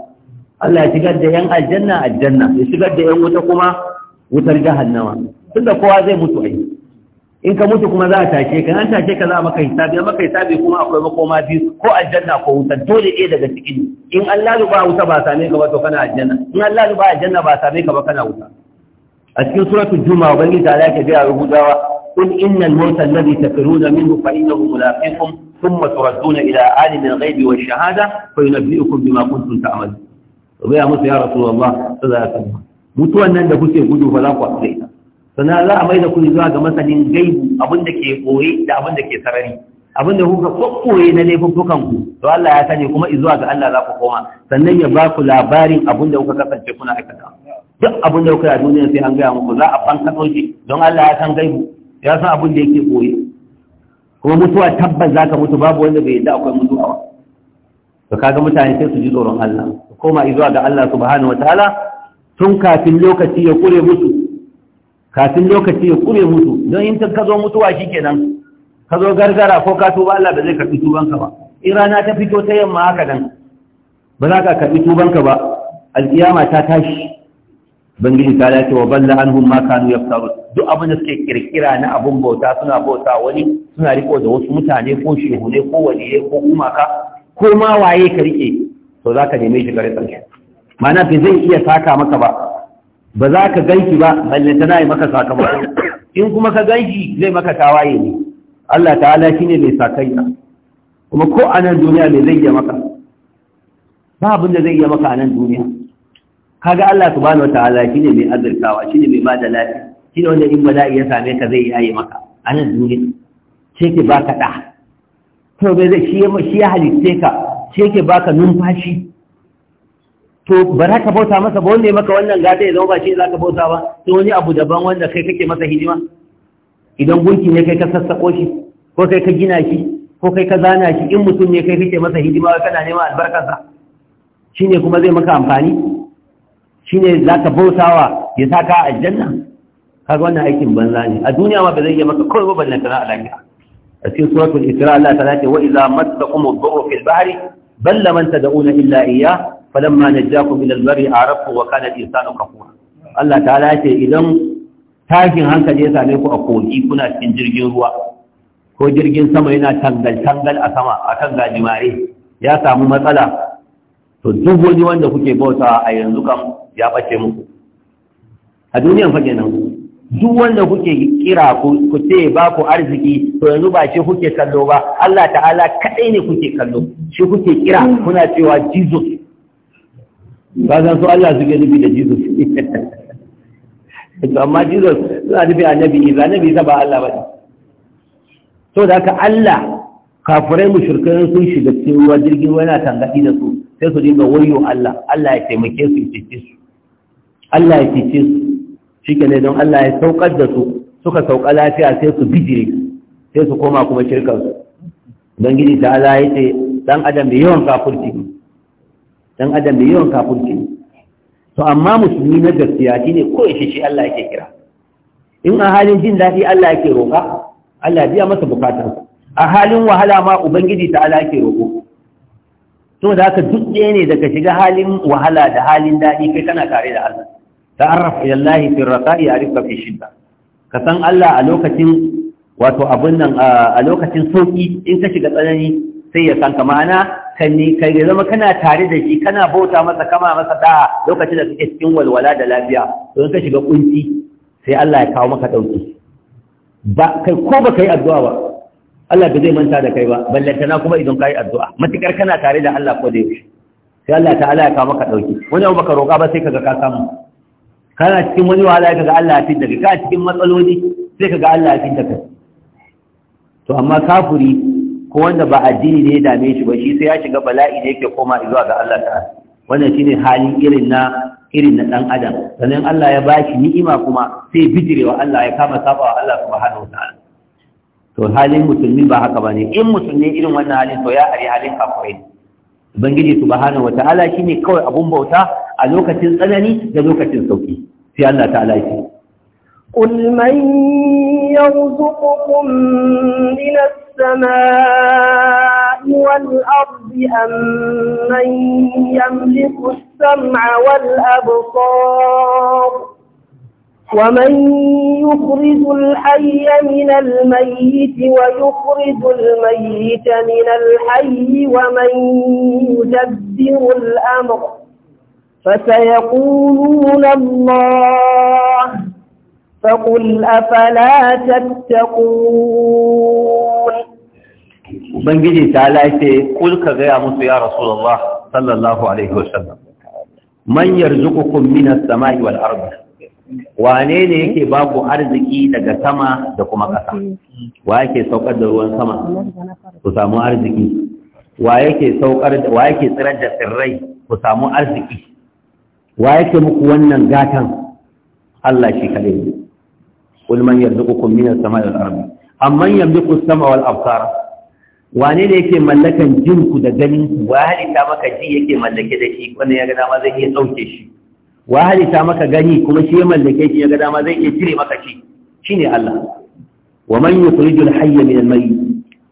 Allah ya shigar da yan aljanna aljanna ya shigar da yan wuta kuma wutar jahannama tunda kowa zai mutu ai in ka mutu kuma za a tashe ka an tashe ka za a maka hisabi maka hisabi kuma akwai makoma biyu ko aljanna ko wuta dole ɗaya daga cikin in Allah ba wuta ba same ka ba to kana aljanna in Allah ba aljanna ba same ka ba kana wuta a cikin suratul juma'a ubangiji ta ya ke ga rubutawa. قل إن الموت الذي تفرون منه فإنه ملاقيكم ثم تردون إلى عالم الغيب والشهادة فينبئكم بما كنتم تعملون ويا موسى يا رسول الله صلى الله عليه وسلم mutuwan nan da kuke gudu ba za ku haɗu sannan za a mai da ku zuwa ga masanin gaibu abin da ke koye da abin da ke sarari abin da kuka kokkoye na laifuffukan ku to Allah ya sani kuma zuwa ga Allah za ku koma sannan ya baku ku labarin abin da kuka kasance kuna aikata duk abin da kuka a duniya sai an gaya muku za a fanka don Allah ya san gaibu ya san abin da yake boye kuma mutuwa tabbas ka mutu babu wanda bai yadda akwai mutuwa ba. to kaga mutane sai su ji tsoron Allah su koma zuwa ga Allah subhanahu wataala tun kafin lokaci ya kure musu kafin lokaci ya kure musu don in ka zo mutuwa shikenan ka zo gargara ko ka tuba Allah ba zai karbi tubanka ba in rana ta fito ta yamma haka dan ba za ka karbi tubanka ba alkiyama ta tashi bangiji ta ce wa balla hun ma kanu ya yaftarun duk abin da suke kirkira na abin bauta suna bauta wani suna riko da wasu mutane ko shehune ko ya ko kumaka ko ma waye ka rike to za ka neme shi gare tsarki Ma'ana bai zai iya saka maka ba ba za ka ganki ba ta na yi maka sakamako in kuma ka ganki zai maka tawaye ne Allah ta'ala shine bai ka. kuma ko a nan duniya bai zai iya maka ba abin da zai iya maka a nan duniya kaga Allah subhanahu wataala shine mai azurtawa shine mai bada lafiya shine wanda in bala'i ya same ka zai yi maka a nan duniya sai ke baka da to bai zai shi shi ya halitte ka sai ke baka numfashi to ba ka bauta masa ba wanda ya maka wannan gata ya zama ba shi za ka bauta ba to wani abu daban wanda kai kake masa hidima idan gunki ne kai ka sassaƙo shi ko kai ka gina shi ko kai ka zana shi in mutum ne kai kake masa hidima kana neman albarkarsa shine kuma zai maka amfani shine zaka bautawa ya saka ka aljanna kaga wannan aikin banza ne a duniya ma ba zai yi maka kawai ba ballan tana a lafiya a cikin suratul isra Allah ta ce wa idza massakum ad-durru fil bahri balla man tad'una illa iyyah falamma najjakum ila al-barri a'rafu wa kana al-insanu kafura Allah ta'ala ce idan tashin hankali ya same ku a kogi kuna cikin jirgin ruwa ko jirgin sama yana tangal tangal a sama akan gajimare ya samu matsala to duk wani wanda kuke bautawa a yanzu kam ya ɓace muku a duniyan fage nan duk wanda kuke kira ku ce ba ku arziki to yanzu ba ce kuke kallo ba Allah ta'ala kaɗai ne kuke kallo shi kuke kira kuna cewa jesus ba zan so Allah suke nufi da jesus [LAUGHS] to amma jesus suna nufi annabi isa annabi isa ba Allah ba ne to da haka Allah kafirai mushrikai sun shiga cikin ruwa jirgin ruwa yana tangaɗi da su sai su dinga wayo Allah Allah ya taimake su ya cece su Allah ya cece su shi ne don Allah ya saukar da su suka sauka lafiya sai su bijire sai su koma kuma shirkansu don ubangiji ta ala ya ce dan adam da yawan kafurci ne dan adam da yawan kafurci ne to amma musulmi na gaskiya ne, ko yake shi Allah yake kira in a halin jin daɗi Allah yake roƙa Allah ya biya masa bukatar a halin wahala ma ubangiji ta ala yake roƙo to da haka duk ɗaya ne daga shiga halin wahala da halin daɗi kai kana tare da Allah ta'arraf ila Allah fi raqa'i arifka fi shidda ka san Allah a lokacin wato abun nan a lokacin sauki in ka shiga tsanani sai ya san ka ma'ana ka ne ka zama kana tare da shi kana bauta masa kama masa da'a lokacin da kake cikin walwala da lafiya don ka shiga kunci sai Allah ya kawo maka dauki ba kai ko ba kai addu'a ba Allah ba zai manta da kai ba ballantana kuma idan kai addu'a matukar kana tare da Allah ko da yaushe sai Allah ta'ala ya kawo maka dauki wani abu baka roƙa ba sai kaga ka samu kana cikin wani wahala kaga Allah ya fidda ka kana cikin matsaloli sai kaga Allah ya fidda ka to amma kafuri ko wanda ba addini ne ya dame shi ba shi sai ya shiga bala'i da yake koma zuwa ga Allah ta'ala wannan shine halin irin na irin na dan adam sannan Allah ya bashi ni'ima kuma sai bijirewa Allah ya kama sabawa Allah subhanahu wa ta'ala to halin musulmi ba haka bane in musulmi irin wannan halin to ya ari halin kafirai ubangiji subhanahu wa ta'ala shine kawai abun bauta a lokacin tsanani da lokacin sauki sai Allah ta'ala ya قل من يرزقكم من السماء والأرض أم من يملك السمع والأبصار ومن يخرج الحي من الميت ويخرج الميت من الحي ومن يدبر الأمر فسيقولون الله فقل أفلا تتقون بنجي تعالى قل كغير أمس يا رسول الله صلى الله عليه وسلم من يرزقكم من السماء والأرض wane ne yake babu arziki daga sama da kuma ƙasa wa yake saukar da ruwan sama ku samu arziki wa yake saukar wa yake tsirar da tsirrai ku samu arziki wa yake muku wannan gatan Allah shi kadai ne kul man yarzuqukum min as-samai wal ardi amman yamliku as-sama wal absar wane ne yake mallakan jinku da ganin ku wa halita maka ji yake mallake da shi wannan ya ga dama zai iya dauke shi wa halita maka gani kuma shi ya mallake shi ya ga dama zai iya cire maka shi shine Allah wa man yukhrijul hayya min al-mayyit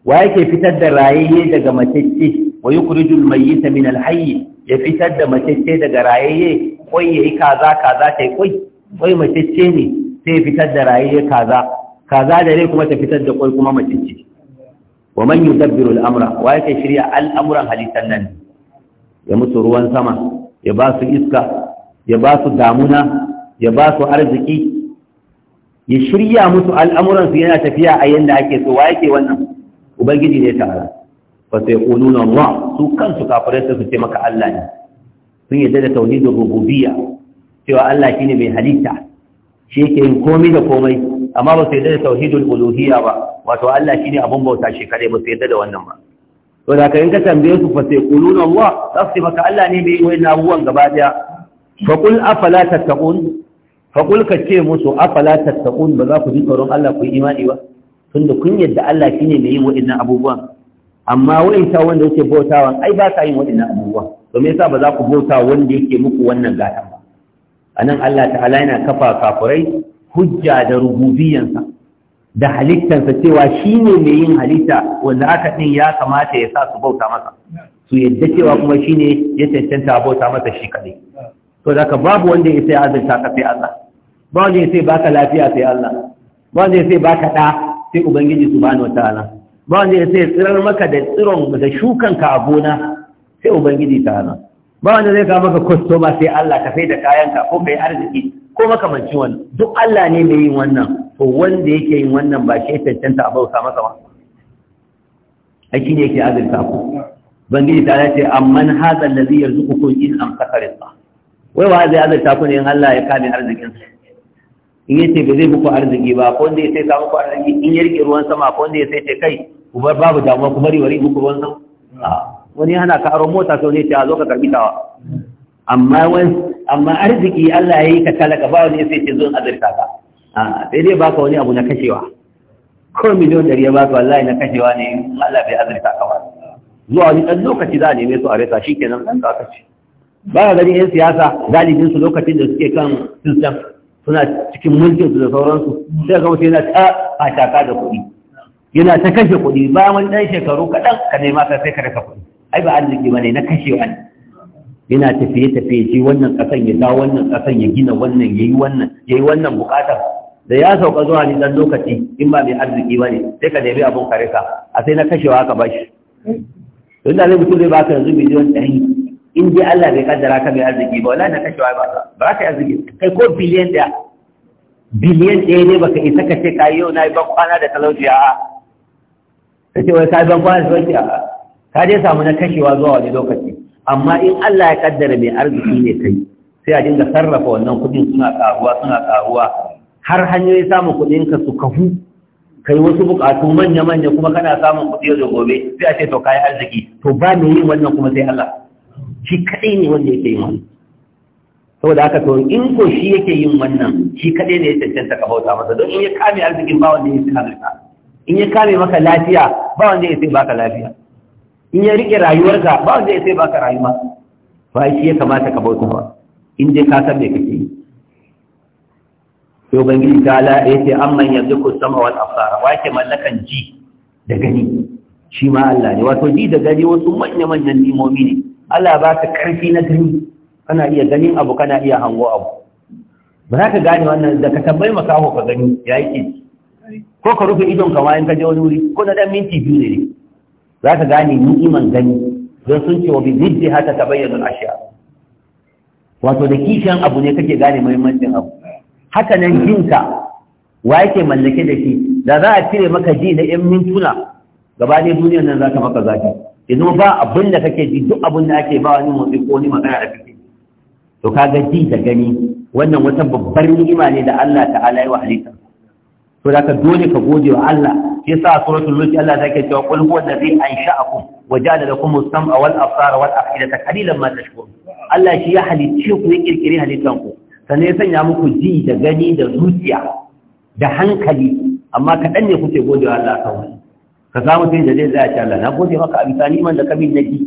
wa yake fitar da rayayye daga matacce wa yukhrijul mayyita min al-hayy ya fitar da matacce daga rayayye kwai ya yi kaza kaza ta yi kwai kwai matacce ne sai fitar da raye kaza kaza da rai kuma ta fitar da kwai kuma matacce wa man yudabbiru al'amura? wa yake shirya al'amuran halittar nan ya musu ruwan sama ya ba su iska ya ba su damuna ya ba su arziki ya shirya musu al'amuransu yana tafiya a yadda ake so wa yake wannan ubangiji ne ta'ala ba sai ƙununa Allah su kansu kafirai su ce maka Allah ne sun yadda da tauhidin rububiyya cewa Allah shine mai halitta shi yake yin komai da komai amma ba su yadda da tauhidul uluhiyya ba wato Allah shine abun bauta shi kare ba su yadda da wannan ba to da kai ka tambaye su fa sai quluna Allah tafsi maka Allah ne mai wayna abuwan gaba daya fa qul afala tattaqun fa qul ka ce musu afala tattaqun ba za ku ji tsoron Allah ku imani ba tunda kun yadda Allah shine mai yin wayannan abubuwan amma wayanta wanda yake bautawan ai ba ka yin wayannan abubuwan domin me yasa ba za ku bauta wanda yake muku wannan gatan ba anan Allah ta'ala yana kafa kafurai hujja da rububiyansa da halittansa cewa shi ne mai yin halitta wanda aka ɗin ya kamata ya sa su bauta masa su yadda cewa kuma shi ne ya cancanta bauta masa shi kaɗai to da ka babu wanda ya sai azurta ka sai Allah ba wanda ya sai baka lafiya sai Allah ba wanda ya sai baka ɗa sai Ubangiji subhanahu wataala ba wanda ya sai tsirar maka da tsiron da shukanka a gona sai ubangiji ta hana ba wanda zai kawo maka kwastoma sai Allah ka sai da kayanka ko kai arziki ko makamancin wani. duk Allah ne mai yin wannan ko wanda yake yin wannan ba shi cancanta a bauta masa ba aiki ne yake azurta ku Ubangiji ta hana ce amma amman hadha allazi yarzuqukum an kasarin ba wai wa zai azurta ku ne in Allah ya kame arzikin sa in yace ba zai muku arziki ba ko wanda ya sai samu ku arziki in ya rike ruwan sama ko wanda ya sai ce kai ku bar babu damuwa kuma riwari muku ruwan sama wani hana karo mota sau ne ta zo ka karbi tawa amma wani amma arziki Allah ya yi ka talaka ba wani sai ce zo azurta ka sai dai baka wani abu na kashewa ko miliyon ɗari ya baka wallahi na kashewa ne Allah bai azurta ka ba zuwa wani ɗan lokaci za a neme su a rasa shi kenan ɗan ka kace ba ka gani yan siyasa galibin su lokacin da suke kan system suna cikin mulkin su da sauransu sai ga mutum yana ta fataka da kuɗi yana ta kashe kuɗi bayan wani ɗan shekaru kaɗan ka nema ka sai ka rasa kuɗi ai ba arziki bane na kashewa ne yana tafiye tafiye shi wannan kasan ya dawo wannan kasan ya gina wannan yayi wannan yayi wannan bukatar da ya sauka zuwa ni dan lokaci in ba mai arziki bane sai ka nemi abun kare ka a sai na kashewa ka bashi don da zai mutum zai baka yanzu miliyan ɗari in dai Allah bai kaddara ka mai arziki ba wallahi na kashewa ba ba ka yi arziki kai ko biliyan ɗaya biliyan ɗaya ne baka isa ka ce ka yau na yi ban kwana da talauci a ta ce wai ka yi ban kwana da talauci a ka je samu na kashewa zuwa wani lokaci amma in Allah ya kaddara mai arziki ne kai sai a dinga sarrafa wannan kudin suna karuwa suna karuwa har hanyoyi samun kudin ka su kahu kai wasu bukatu manya-manya kuma kana samun kuɗi yau da gobe sai a ce to kai arziki to ba me yin wannan kuma sai Allah shi kadai ne wanda yake yin wannan saboda haka to in ko shi yake yin wannan shi kadai ne ya cancanta ka bauta masa don in ya kame arzikin ba wanda ya sai in ya kame maka lafiya ba wanda ya sai baka lafiya in ya rike rayuwarka ba wanda ya sai baka rayuwa ba shi ya kamata ka bauta ba in dai ka san me kake yi sai gidi ta ala ya ce amman yamliku sama wal absara wa ke mallakan ji da gani shi ma Allah ne wato ji da gani wasu manya manyan nimomi ne Allah ba ka karfi na gani kana iya ganin abu kana iya hango abu ba za ka gane wannan da ka tambayi makaho ka gani ya yi ko ka rufe idon ka ka je wani wuri ko na dan minti biyu ne za ka gane ni'iman gani don sun ce wa bi ziddi hata ta bayyana ashiya wato da kishiyan abu ne kake gane muhimmancin abu haka nan jinka wa yake mallake da shi da za a cire maka ji na yan mintuna gaba ne duniyar nan za ka maka zafi yanzu ba abin da kake ji duk abin da ake ba wani motsi ko ni magana a ciki to kaga ji da gani wannan wata babbar ni'ima ne da Allah ta'ala ya wa halitta to da ka dole ka gode wa Allah yasa suratul mulk Allah take cewa qul huwa allazi ansha'akum wa ja'ala lakum as-sam'a wal absara wal af'idata qalilan ma tashkurun Allah shi ya halicce ku ya kirkire halittan ku sannan ya sanya muku ji da gani da zuciya da hankali amma kaɗan ne kuke gode wa Allah kawai ka samu sai da zai tsaya ce Allah na gode maka a bisa niman da kamin na ji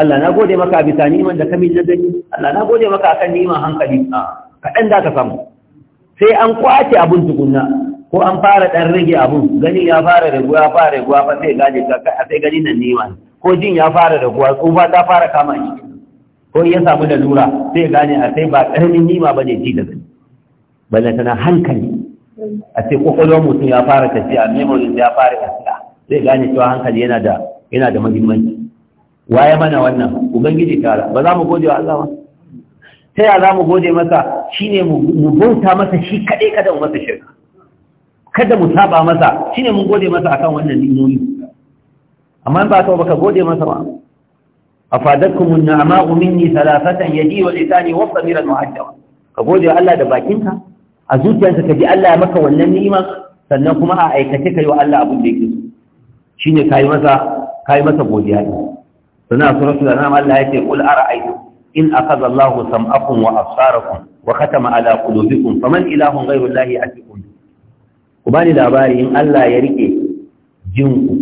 Allah na gode maka a bisa niman da kamin na gani Allah na gode maka akan niman hankali ah, kaɗan da ka samu sai an kwace abun tukunna ko an fara ɗan rage abun gani ya fara da ya fara raguwa ba sai gaje a sai gani nan niwa ko jin ya fara da guwa tsufa ta fara kama shi ko ya samu da lura sai gane a sai ba ƙaramin nima ba ne ji da gani balle tana hankali a sai kwakwalwar mutum ya fara tafiya memories ya fara tafiya sai gane cewa hankali yana da yana da muhimmanci waye mana wannan ubangiji tara ba za mu gode wa Allah ba sai ya za mu gode masa shine mu bauta masa shi kade, kada mu masa shirka kada mu saba masa shine mun gode masa akan wannan ni'imomi amma ba ka baka gode masa ba afadatkum an-ni'ma'u minni thalathatan yadi wa lisani wa samiran mu'ajjaba ka gode wa Allah da bakinka a zuciyarka ka ji Allah ya maka wannan ni'ima sannan kuma a aikace kai wa Allah abin da yake so shine kai masa kai masa godiya ne sannan suratul anam Allah yake qul ara'aytum in akhadha Allahu sam'akum wa absarakum wa khatama ala qulubikum faman ilahun ghayru Allahi atikum ku bani labari in Allah ya rike jinku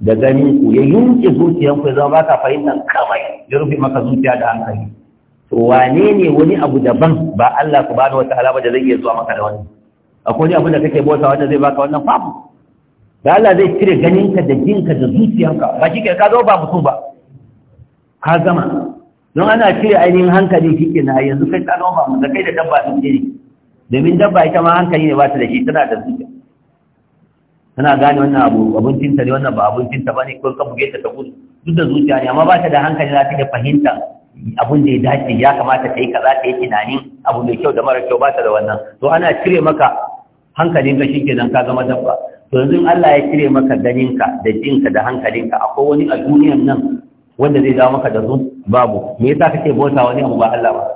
da ganinku ya yunke zuciyanku ya zama baka fahimtar kamai ya rufe maka zuciya da hankali to wane ne wani abu daban ba Allah ku bani wata halama da zai iya zuwa maka da wani akwai wani abu da kake bota wanda zai baka wannan fam? da Allah zai cire ganinka da jinka da zuciyanka ba shi ka zo ba mutum ba ka zama. don ana cire ainihin hankali shi ke na yanzu kai ka zama ba mu da kai da dabba sun ne domin dabba ita ma hankali ne ba ta da shi tana da zuciya tana gane wannan abu abincinta ne wannan ba abincinta ba ne ko ka buge ta ta gudu duk da zuciya ne amma ba ta da hankali za ta iya fahimta abin da ya dace ya kamata ta yi kaza ta yi tunanin abu mai kyau da mara kyau ba ta da wannan to ana cire maka hankalinka shi nan ka zama dabba to yanzu Allah ya cire maka ganinka da jinka da hankalinka akwai wani a duniyan nan wanda zai dawo maka da zu babu me yasa kake bota wani abu ba Allah ba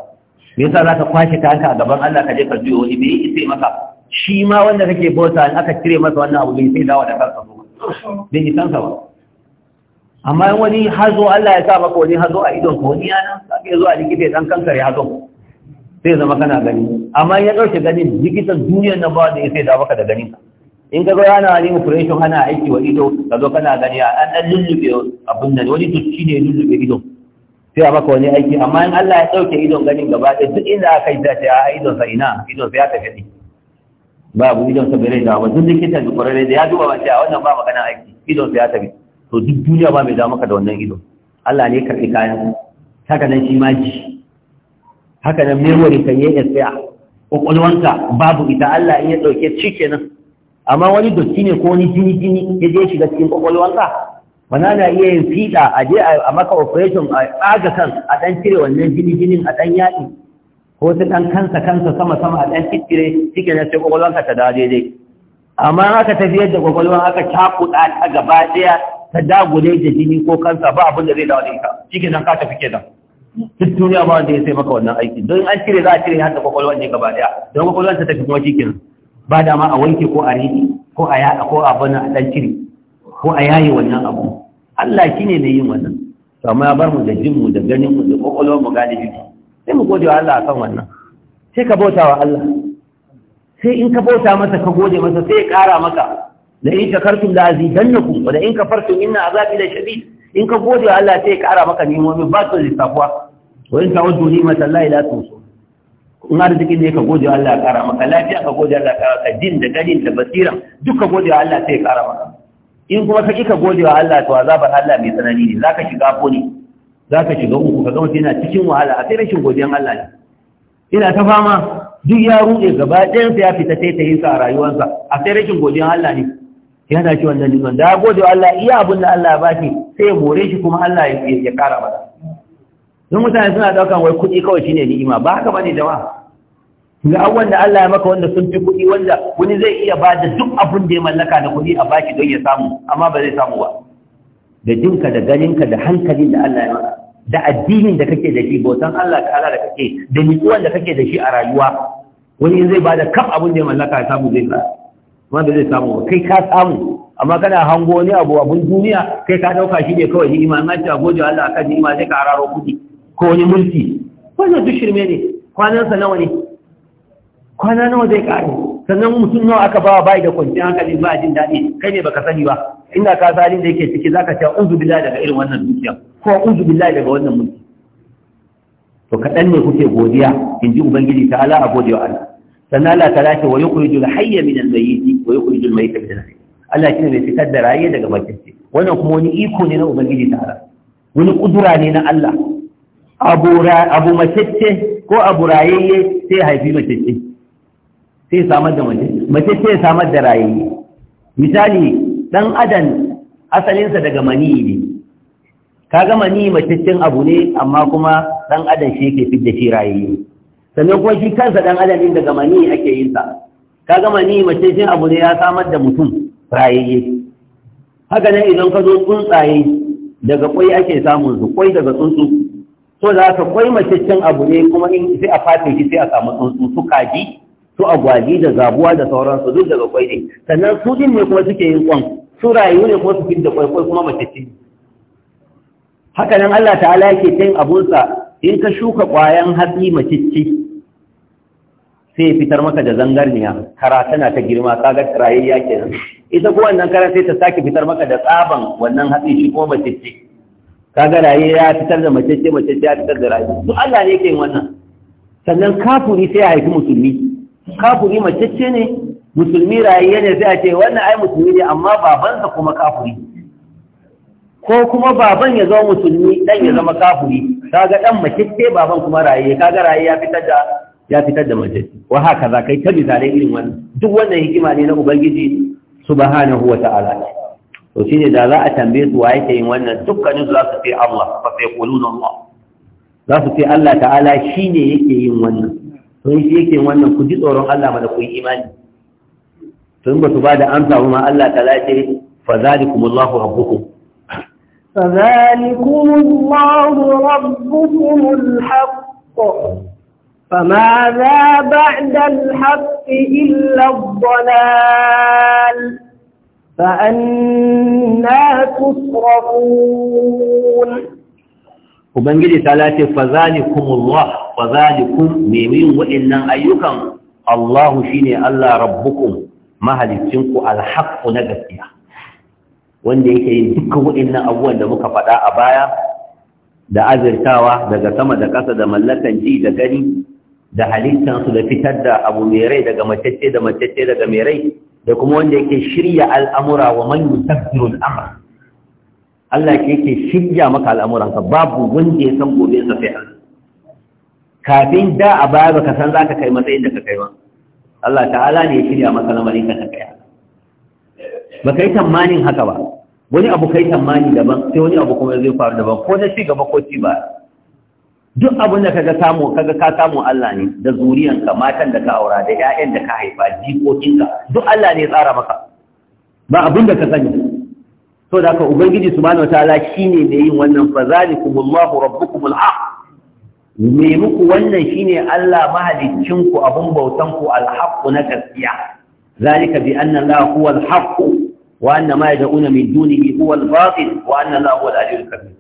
me yasa zaka kwashe kanka a gaban Allah ka je ka biyo wani bai ise maka shi ma wanda kake bauta in aka cire masa wannan abu bai sai dawo da kansa ba bai isan san ba amma in wani hazo Allah ya sa maka wani hazo a idon ko wani yana ya zo a likita dan kankare hazo sai zama kana gani amma ya dauke ganin likitan duniyar nan ba da ya sai da baka da ganin in ka zo yana wani operation ana aiki wa ido ka zo kana gani a dan lullube abin nan wani tucci ne lullube idon sai a maka wani aiki amma in Allah ya ɗauke idon ganin gaba ɗaya duk inda aka yi zata a idon sa ina idon sa ya tafi ne babu idon sa da ba duk likita da kwararre da ya duba ba a wannan ba magana aiki idon sa ya tafi to duk duniya ba mai dawo maka da wannan idon Allah ne karɓi kayan haka nan shi ma ji haka nan memory kan yi tsaya kokolwanka babu ita Allah in ya ɗauke cike kenan amma wani dotti ne ko wani jini jini ya je shiga cikin kokolwanka Wana na iya yin fiɗa a je a maka operation a tsaga kan a ɗan cire wannan jini jinin a ɗan yaƙi ko ta ɗan kansa kansa sama sama a ɗan cire cike na sai kwakwalwanka ta dawo daidai amma aka tafiyar da ƙwaƙwalwan aka cakuɗa ta gaba ɗaya ta dagule da jini ko kansa ba abin da zai dawo da ita cike nan ka tafi kenan duk duniya ba wanda ya sai maka wannan aiki don an cire za a cire har da ƙwaƙwalwan ne gaba ɗaya don ƙwaƙwalwan ta tafi kuma cikin ba da ma a wanke ko a riɗi ko a yaɗa ko a bana a ɗan cire ko a yayi wannan abu Allah shi ne mai yin wannan to amma ya bar mu da jin mu da ganin mu da kokolon mu shi sai mu gode wa Allah akan wannan sai ka bauta wa Allah sai in ka bauta masa ka gode masa sai ya kara maka la in shakartum la azidannakum wa la in kafartum inna azabi la shadid in ka gode wa Allah sai ya kara maka mu ba su lissafuwa wa in ta'uddu Allah ila tuhsuha in arzikin ne ka gode wa Allah ya kara maka lafiya ka gode wa Allah ya kara maka jin da ganin da basira duk ka gode wa Allah sai ya kara maka in kuma ka gode wa Allah to azabar Allah mai tsanani ne zaka shiga ko ne zaka shiga uku ka gama yana cikin wahala a sai rashin godiyan Allah ne ina ta fama duk ya ruɗe gaba ɗayan sa ya fita taitayin sa a rayuwarsa a sai rashin godiyan Allah ne yana ci wannan liman da wa Allah iya abin da Allah ya bashi sai ya more shi kuma Allah ya kara masa don mutane suna daukan wai kuɗi kawai shine ni'ima ba haka bane jama'a la'awan da Allah ya maka wanda sun fi kuɗi wanda wani zai iya ba da duk abin da ya mallaka da kuɗi a baki don ya samu amma ba zai samu ba da jinka da ganinka da hankalin da Allah ya maka da addinin da kake da shi bautan Allah ka ala da kake da nutsuwan da kake da shi a rayuwa wani zai ba da kaf abin da ya mallaka ya samu zai samu amma ba zai samu ba kai ka samu amma kana hango wani abu abun duniya kai ka ɗauka shi ne kawai ni'ima na ce a goje Allah akan ni'ima zai ka hararo kuɗi ko wani mulki wannan duk shirme ne kwanansa nawa ne kwana nawa zai kare sannan mutum nawa aka bawa bai da kwanciyar hankali ba jin daɗi kai ne baka sani ba inda ka zalin da yake ciki zaka ce uzu billahi daga irin wannan dukiya ko uzu billahi daga wannan mulki to kaɗan ne kuke godiya in ji ubangiji ta ala a godewa Allah sannan Allah ta lafi wa yukhrijul hayya min al-mayyit wa yukhrijul mayyita min al-hayy Allah shine mai fitar da raye daga matacce wannan kuma wani iko ne na ubangiji ta ala wani kudura ne na Allah abu matacce ko abu rayayye sai haifi matacce sai samar da mace mace sai samar da raye. misali dan adan asalinsa daga mani ne kaga mani macaccen abu ne amma kuma dan adan shi yake fidda shi raye. sannan kuma shi kansa dan adan din daga mani ake yin sa kaga mani macaccen abu ne ya samar da mutum raye. haka nan idan ka zo tsuntsaye daga kwai ake samun su kwai daga tsuntsu so da ka kwai macaccen abu ne kuma in sai a fata shi sai a samu tsuntsu su kaji su agwagi da zabuwa da sauransu duk daga kwai ne sannan su din ne kuma suke yin kwan su rayu ne kuma su fidda kwai kwai kuma mace ce haka nan Allah ta'ala yake cin abunsa in ka shuka kwayan hatsi mace ce sai fitar maka da zangarniya kara tana ta girma kaga rayayya kenan ita kuma wannan kara sai ta sake fitar maka da tsaban wannan hatsi shi kuma mace ce kaga rayayya fitar da mace ce mace ce ya fitar da rayayya to Allah ne yake yin wannan sannan kafuri sai ya haifi musulmi kafuri macece ne musulmi rayayye ne sai a ce wannan ai musulmi ne amma babansa kuma kafuri ko kuma baban ya zama musulmi dan ya zama kafuri kaga dan ce baban kuma rayayye kaga rayayye fitar da ya fitar da mace wa haka za kai ta misalai irin wannan duk wannan hikima ne na ubangiji subhanahu wa ta'ala to shine da za a tambaye su waye yin wannan dukkanin za su ce Allah fa sai kuluna Allah za su ce Allah ta'ala shine yake yin wannan sun shi yake wannan ku ji tsoron Allah mana ku yi imani tun ba su ba da amsa ma Allah ta lace fa zalikumullahu rabbukum فذلكم الله ربكم الحق فماذا بعد الحق إلا الضلال فأنا تصرفون ubangiji ta lati fa zalikumullah memin wa'annan ayyukan Allahu shine Allah rabbukum ku alhaqqu na gaskiya wanda yake yin dukkan wa'annan abubuwan da muka faɗa a baya da azirtawa daga sama da ƙasa da mallakan ji da gani da su da fitar da abu mai rai daga matacce- da matacce daga mai rai da kuma wanda yake shirya al'amura wa man yusabbiru al'amr Allah ke yake shirya maka al'amuranka babu wanda ya san gobe sa sai Allah kafin da a baya ba ka san za ka kai matsayin da ka kai ba Allah ta'ala ne ya shirya maka lamarin ka ta kai ka yi tamanin haka ba wani abu kai tamani daban sai wani abu kuma zai faru daban ko na ci gaba ko ci ba duk abin da kaga samu kaga ka samu Allah ne da zuriyanka matan da ka aura da ƴaƴan da ka haifa jikokinka duk Allah ne ya tsara maka ba abin da ka sani so da ka ubangiji subhanahu wataala shine mai yin wannan fa zalikumullahu rabbukumul haq me muku wannan shine Allah mahaliccin ku abun bautan ku al alhaq na gaskiya zalika bi anna Allah huwa alhaq wa anna ma yad'una min dunihi huwa albatil wa anna Allah huwa aliyul kabir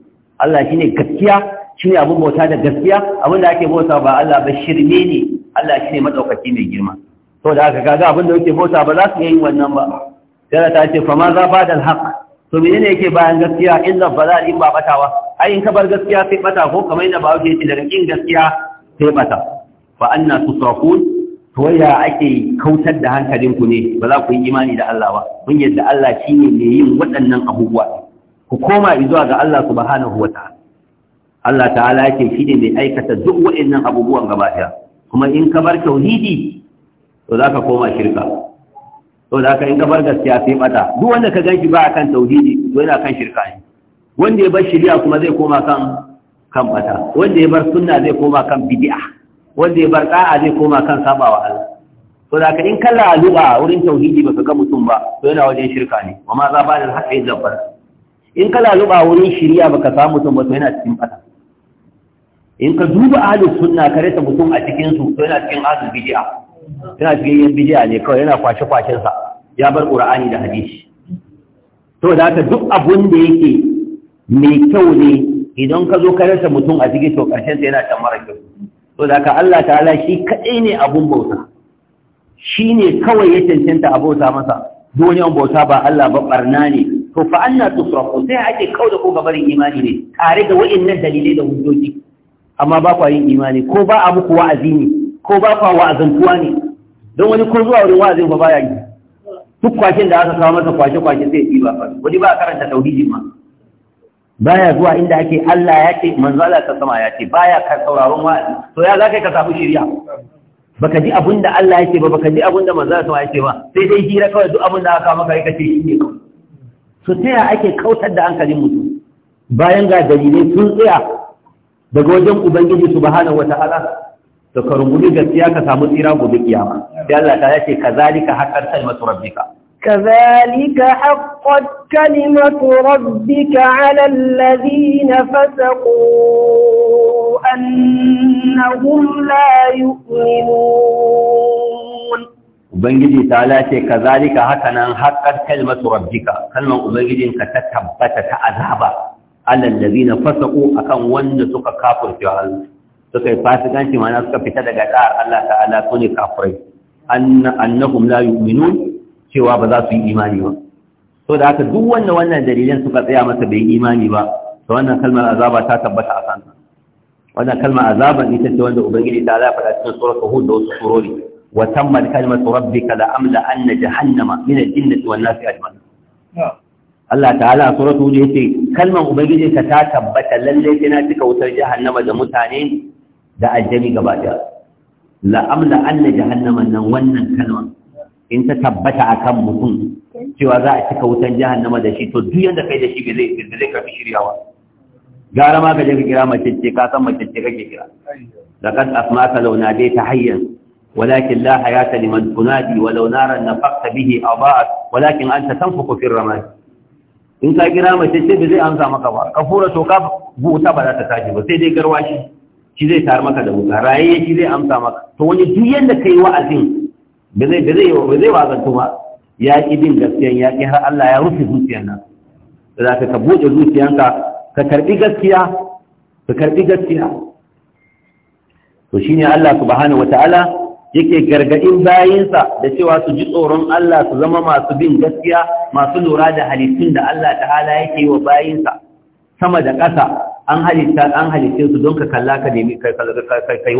Allah shine gaskiya shine abun bauta da gaskiya abin da ake bauta ba Allah ba shirme ne Allah shine madaukaki mai girma to da haka kaga abin da yake bauta ba za su yi wannan ba sai ta ce fa ma za ba da alhaq to me ne yake bayan gaskiya illa balal in ba batawa ai in ka bar gaskiya sai bata ko kamar yadda bawo yake da kin gaskiya sai bata fa anna tusrafun to ya ake kautar da hankalin ku ne ba za ku yi imani da Allah ba kun yadda Allah shine mai yin waɗannan abubuwa ku koma zuwa ga Allah subhanahu wataala Allah ta'ala yake shi ne mai aikata duk waɗannan abubuwan gaba ɗaya kuma in ka bar tauhidi to za ka koma shirka to da ka in ka bar gaskiya sai bata duk wanda ka ganki ba akan tauhidi to yana kan shirka ne wanda ya bar shari'a kuma zai koma kan kan bata wanda ya bar sunna zai koma kan bid'a wanda ya bar da'a zai koma kan sabawa Allah to da ka in kalla alu'a wurin tauhidi ba ka ga mutum ba to yana wajen shirka ne wa ma za ba da haƙƙi zabbar in kalla alu'a wurin shari'a ba ka samu mutum ba to yana cikin bata in ka duba ahlus sunna kare ta mutum a cikin su to yana cikin ahlul bid'a yana cikin yin bidiya ne kawai yana kwashe-kwashensa ya bar ƙura'ani da hadisi to da haka duk abun da yake mai kyau ne idan ka zo ka rasa mutum a cikin to ƙarshen sa yana can mara kyau to da haka Allah ta'ala shi kaɗai ne abun bauta shi ne kawai ya cancanta a bauta masa duniyan bauta ba Allah ba barna ne to fa anna tusrafu sai ake kau da ko gabarin imani ne tare da nan dalilai da hujjoji amma ba kwayin imani ko ba a muku wa'azi ne ko ba kwa wa'azantuwa ne don wani ko zuwa wurin wa'azin ba baya yi duk kwashin da aka kawo masa kwashe kwashe sai yi ba wani ba karanta tauhidi ma baya zuwa inda ake Allah ya ce manzo Allah ta sama ya ce baya ka sauraron wa'azi to ya zaka ka samu shiriya baka ji abin da Allah ya ce ba baka ji abin da manzo Allah ya ce ba sai dai hira kawai duk abin da aka maka kai kace shi ne to ta ya ake kautar da hankalin mutum bayan ga dalilai sun tsaya daga wajen ubangiji subhanahu wataala to ka rubuta gaskiya ka samu tsira gobe kiyama sai Allah ta yace kazalika haqqat kalimatu rabbika kazalika haqqat kalimatu rabbika 'ala alladhina fasaqu annahum la yu'minun ubangiji ta lace kazalika hakanan haqqat kalimatu rabbika kalman ubangijin ka ta tabbata ta azaba 'ala alladhina fasaqu akan wanda suka kafirce Allah suka yi fasikanci mana suka fita daga da'ar Allah ta'ala su ne kafirai annahum la yu'minun cewa ba za su yi imani ba so da haka duk wanda wannan dalilan suka tsaya masa bai imani ba to wannan kalmar azaba ta tabbata a kansa wannan kalmar azaba ita ce wanda ubangiji ta ala faɗa cikin suratul hud da wasu surori wa tammar tammat kalimatu rabbika la amla anna jahannama min al-jinnati wan nasi ajma'in Allah ta'ala suratul hud yace kalmar ubangiji ka ta tabbata lalle kina cika wutar jahannama da mutane da aljami gaba daya la'amla na jahannama nan wannan kalma in ta tabbata a kan mutum cewa za a cika wutan jahannama da shi to duk yanda kai da shi bai zai bai zai karbi shiryawa gara ma ka je ka kira mace ce ka san mace ce kake kira laqad asmaka law nadayta hayyan ولكن لا حياة tunadi wa ولو نارا نفقت به أضاءت walakin أنت تنفق في الرماد in ka kira mace ce ba zai amsa maka ba ka fura toka buta ba za ta tashi ba sai dai garwashi shi zai tar maka da wuta raye shi zai amsa maka to wani duk yadda kai wa'azin ba zai ba zai ba zai wazantu ba ya ki bin gaskiyan ya ki har Allah ya rufe zuciyan nan da zaka ka buɗe zuciyanka ka karbi gaskiya ka karɓi gaskiya to shine Allah subhanahu wataala yake gargadin bayinsa da cewa su ji tsoron Allah su zama masu bin gaskiya masu lura da halittun da Allah ta ta'ala yake wa bayinsa sama da ƙasa an halitta an halitte su don ka kalla ka nemi kai wa'azi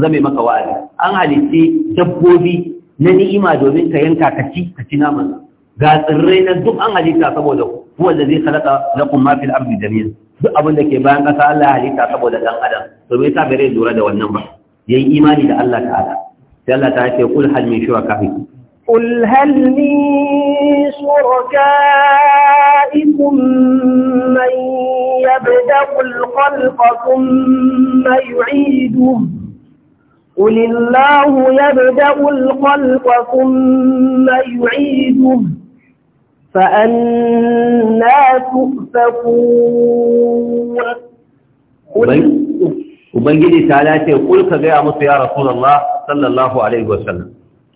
zame maka wa'azi an halitte dabbobi na ni'ima domin ka yanka ka ci ka ci naman ga tsirrai na duk an halitta saboda ku. da zai khalaqa lakum ma fil ardi jami'an duk abin da ke bayan ƙasa Allah ya halitta saboda dan adam to me yasa bare lura da wannan ba yayi imani da Allah ta'ala sai Allah ta ce kul hal min shuraka'ikum قل هل من شركائكم من يبدأ الخلق ثم يعيده قل الله يبدأ الخلق ثم يعيده فأنا تؤفكون وبنجد سالاته قل كذي يا رسول الله صلى الله عليه وسلم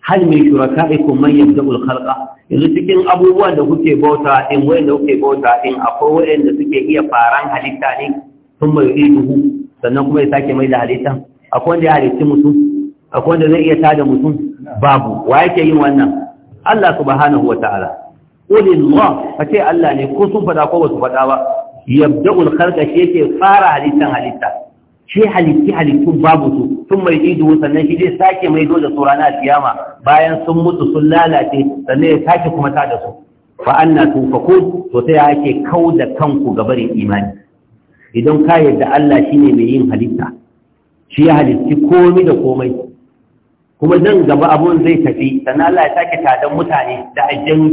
hal min shurakaikum man yabda'ul khalqa yanzu cikin abubuwan da kuke bauta in da kuke bauta in akwai wayanda suke iya faran halitta ne sun mai iduhu sannan kuma ya sake mai da halitta akwai wanda ya halitta mutum akwai wanda zai iya tada mutum babu wa yake yin wannan Allah subhanahu wa ta'ala ma fa ce Allah ne ko sun fada ko ba su fada ba yabda khalqa shi yake fara halittan halitta shi halitti halittun babu su sun mai idu sannan shi zai sake mai da su rana siyama bayan sun mutu sun lalace sannan ya sake kuma ta da su fa na tufakun to sai ake kau da kanku ga imani idan ka yadda Allah shi ne mai yin halitta shi ya halitti komai da komai kuma nan gaba abun zai tafi sannan Allah ya sake tadan mutane da ajiyar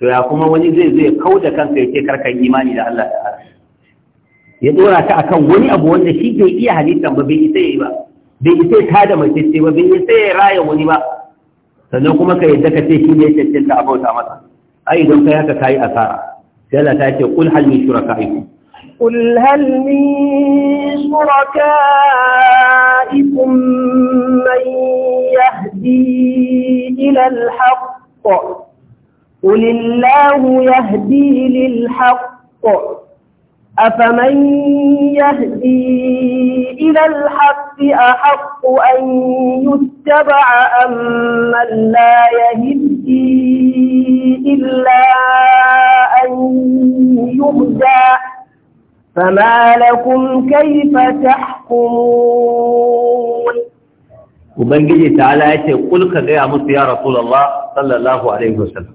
to ya kuma wani zai zai kau da kanka yake karkan imani da Allah ta'ala ya dora ta akan wani abu wanda shi bai iya halittan ba bai isa yi ba bai isa ta da mai tsaye ba bai isa ya raya wani ba sannan kuma ka yadda ka ce shi ne cancanta ta abauta masa ai don kai haka kayi asara sai Allah ta ce kul hal min shurakaikum kul hal min shurakaikum man yahdi ila al-haqq قل الله يهدي للحق أفمن يهدي إلى الحق أحق أن يتبع أم من لا يهدي إلا أن يهدى فما لكم كيف تحكمون وبنجي تعالى يتي قل كذا يا رسول الله صلى الله عليه وسلم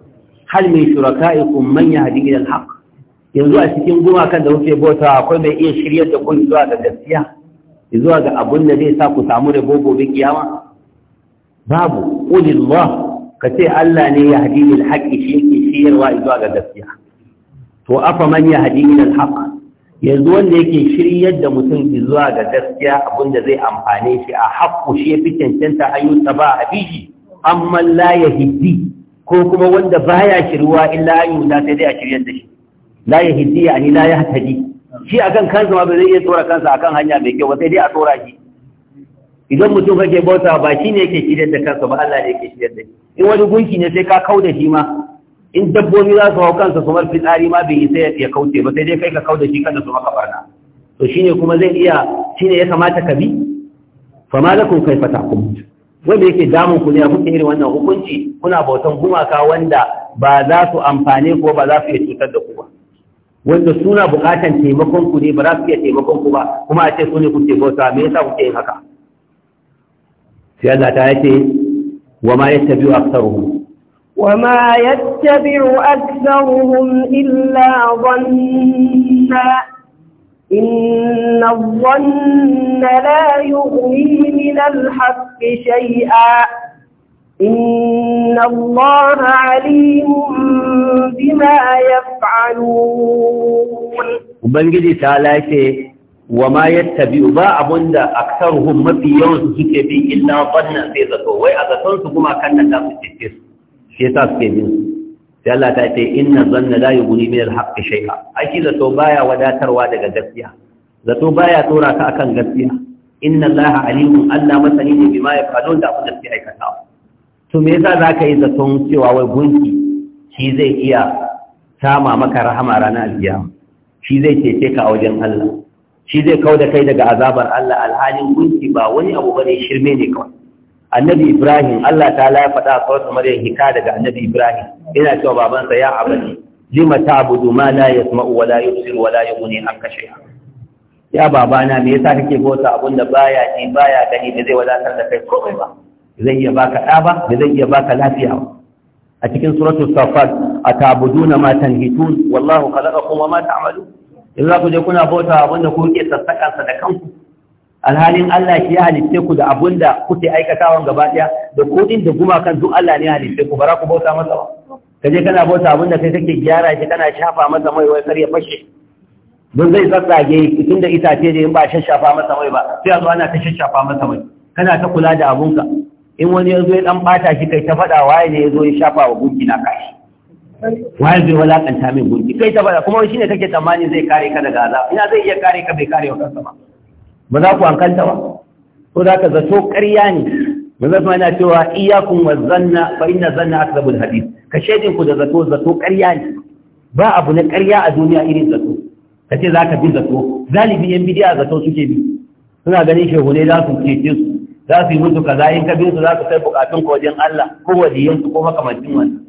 هل من شركائكم من يهدي إلى الحق yanzu a cikin gumakan da muke bauta akwai mai iya shiryar da kun zuwa ga gaskiya zuwa ga abun da zai sa ku samu da gobe kiyama babu qulillah ka ce Allah ne ya hadi lil haqqi shi ke shiryarwa zuwa ga gaskiya to afa man ya hadi lil haqq yanzu wanda yake shiryar da mutum zuwa ga gaskiya abun da zai amfane shi a haqqu shi ya fi cancanta ayyuka ba a bishi amma la yahdi ko kuma wanda baya shirwa illa ayyuka sai dai a shiryar da shi la ya ya ani la ya hadi shi akan kansa ma ba zai iya tsora kansa akan hanya mai kyau ba sai dai a tsora shi idan mutum kake bauta ba shi ne yake shirya da kansa ba Allah ne yake shirya da shi in wani gunki ne sai ka kauda shi ma in dabbobi za su hau kansa su mar fitsari ma bai sai ya kauce ba sai dai kai ka kauda shi kada su maka barna to shine kuma zai iya shine ya kamata ka bi kai lakum kaifa wai me yake damun ku ne a kuke irin wannan hukunci kuna bautan gumaka wanda ba za su amfane ko ba za su iya cutar da ku ba wanda suna buƙatan taimakon ku ne ba za su iya taimakon ku ba kuma a ce su ne kuke bauta me yasa kuke yin haka sai Allah ta yace wa ma yattabi'u aktharuhum wa ma yattabi'u aktharuhum illa dhanna إن الظن لا يغني من الحق شيئا إن الله عليم بما يفعلون وبنجي تعالى wa ma yattabi'u ba abunda aktaruhum mafi yawan su suke bi illa dhanna sai zato wai a zaton su kuma kan nan da su cece su shi suke bin sai Allah ta ce inna dhanna la yughni min al-haqqi shay'a aki zato baya wadatarwa daga gaskiya zato baya tora ka akan gaskiya inna Allah alimun Allah masani ne bima yafalun da abunda suke aikata to me yasa za ka yi zaton cewa wai gunki shi zai iya sama maka rahama ranar alkiyama shi zai cece ka a wajen Allah shi zai kau da kai daga azabar Allah alhalin gunki ba wani abu bane shirme ne kawai annabi Ibrahim Allah ta ya faɗa a kawai hika daga annabi Ibrahim Ina cewa babansa ya abadi lima ta'budu ma la yasma'u wa la yubsiru wa la yughni anka shay'a ya babana me yasa kake bota abunda baya ji baya gani da zai wadatar da kai komai ba zai iya baka ɗa ba da zai iya baka lafiya ba a cikin suratul safat na matan tanhitun wallahu khalaqakum kuma mata ta'malun in za ku je kuna bauta abinda ku ke sassakan sa da kanku alhalin Allah shi ya halitte ku da abinda kuke aikatawan gaba daya da kudin da gumakan duk Allah ne ya halitte ku bara ku bauta masa ba Ka kaje kana bauta abinda kai kake gyara shi kana shafa masa mai wai kar fashe don zai tsatsage da itace da in ba shashafa masa mai ba sai a zo ana ta shashafa masa mai kana ta kula da abunka in wani ya zo ya dan bata shi kai ta faɗa waye ne ya zo ya shafa wa gunki na kashi waye zai walakanta min gunki kai ta faɗa kuma shi ne kake tsammani zai kare ka daga azaba ina zai iya kare ka bai kare wa kansa ba ba za ku hankalta ba ko za ka zato ƙarya ne ba zai yana cewa iyakun wa zanna fa inna zanna akzabul hadith ka shaidin ku da zato zato ƙarya ne ba abu na ƙarya a duniya irin zato ka ce za ka bi zato zalibi yan bidiya zato suke bi suna ganin shehu ne za su cece su za su yi musu kaza in ka bi su za su kai bukatun ka wajen Allah ko wajiyin su ko makamancin wannan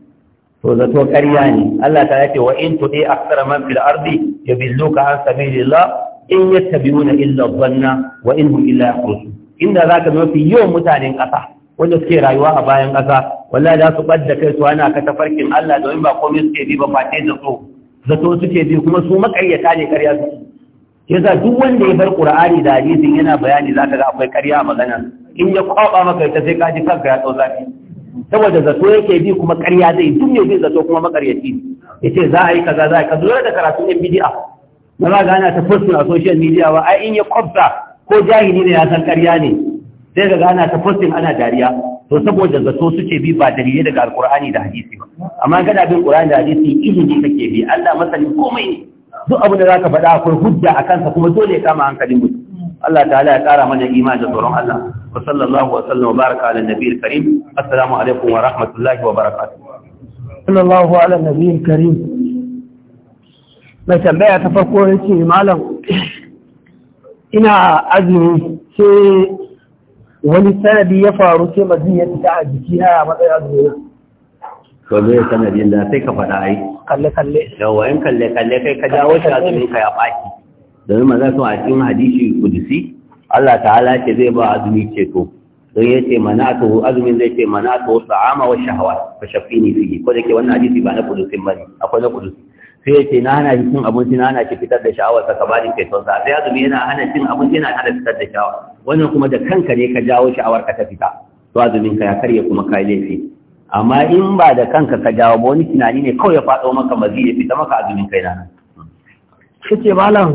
to zato ƙarya ne Allah ta yake wa in tudi aksara man fil ardi yabilluka an sabilillah in yattabi'una illa dhanna wa in hum illa yakhrusun inda zaka zo fi yawan mutanen ƙasa wanda suke rayuwa a bayan ƙasa wallahi za su badda kai su ana ka tafarkin Allah domin ba komai suke bi ba fate da so zato suke bi kuma su makaryata ne ƙarya suke yasa duk wanda ya bar qur'ani da hadisin yana bayani zaka ga akwai karya a magana in ya kwaba maka ita sai ka ji kanka ya tsau zafi saboda zato yake bi kuma karya zai duk ne bin zato kuma makaryaci ce za a yi kaza za a yi kaza lura da karatu ɗan bidia na za gana ta postin a social media ba ai in ya kwabta ko jahili ne ya san karya ne sai ka gana ta postin ana dariya to saboda zato suke bi ba dalilai daga alkur'ani da hadisi ba amma kana bin qur'ani da hadisi ilimi kake bi Allah masani komai ne duk abin da za ka faɗa akwai hujja a kansa kuma dole ya kama hankalin mutum Allah ta'ala ya ƙara mana imani da tsoron Allah wa sallallahu wa sallam wa baraka ala nabiyil karim assalamu alaikum wa rahmatullahi wa barakatuh sallallahu ala nabiyil karim mai tambaya ta farko ya yace malam ina azumi sai wani sanadi ya faru sai mazin ya fita a jikina a matsayin azumi to zai sanadi da sai ka faɗa ai kalle-kalle Yawwa yin kalle-kalle kai ka jawo shi azumin ka ya ɓaki domin maza su a cikin hadishi kudusi Allah ta'ala ce zai ba azumi ceto don ya ce mana to azumin zai ce mana to sa'ama wa shahawa shafi ni fiye, ko da ke wannan hadisi ba na kudusin ba ne, akwai na kudusi sai ya ce na hana shi cin abinci na hana shi fitar da sha'awar ta kabarin kai son sai azumi yana hana cin abinci yana hana fitar da sha'awa wannan kuma da kanka ne ka jawo sha'awar ka ta fita to azumin ka ya karya kuma kai laifi amma in ba da kanka ka jawo wani tunani ne kawai ya faɗo maka mazi ya fita maka azumin kai na kace malam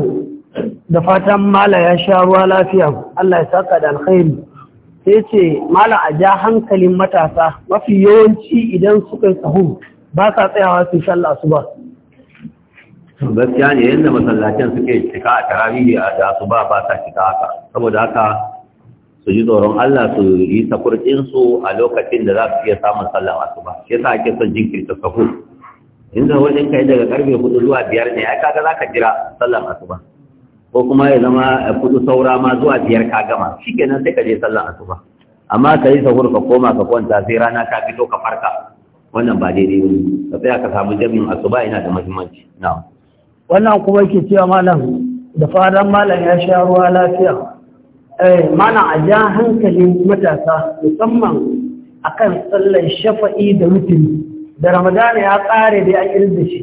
da fatan mala ya sha ruwa lafiya Allah ya saka da alkhairi sai ce malam a ja hankalin matasa mafi yawanci idan suka yi ba sa tsayawa su sha Allah asuba gaskiya ne yadda masallacin suke cika a tarawihi a da asuba ba sa cika haka saboda haka su ji tsoron Allah su yi sakurcin su a lokacin da za su iya samun sallah wasu ba shi yasa ake son jinkirta sahu in da wajen kai daga karfe hudu zuwa biyar ne ai kaga zaka jira sallan asuba ko kuma ya zama kudu saura ma zuwa biyar ka gama shikenan sai ka je sallan asuba amma ka yi sahur ka koma ka kwanta sai rana ta fito ka farka wannan ba daidai ba ka tsaya ka samu jami'in asuba yana da muhimmanci na'am wannan kuma yake cewa malam da fadan malam ya sha ruwa lafiya Eh, mana a ja hankalin matasa musamman a kan tsallan shafa'i da mutum da ramadana ya ƙare da ya da shi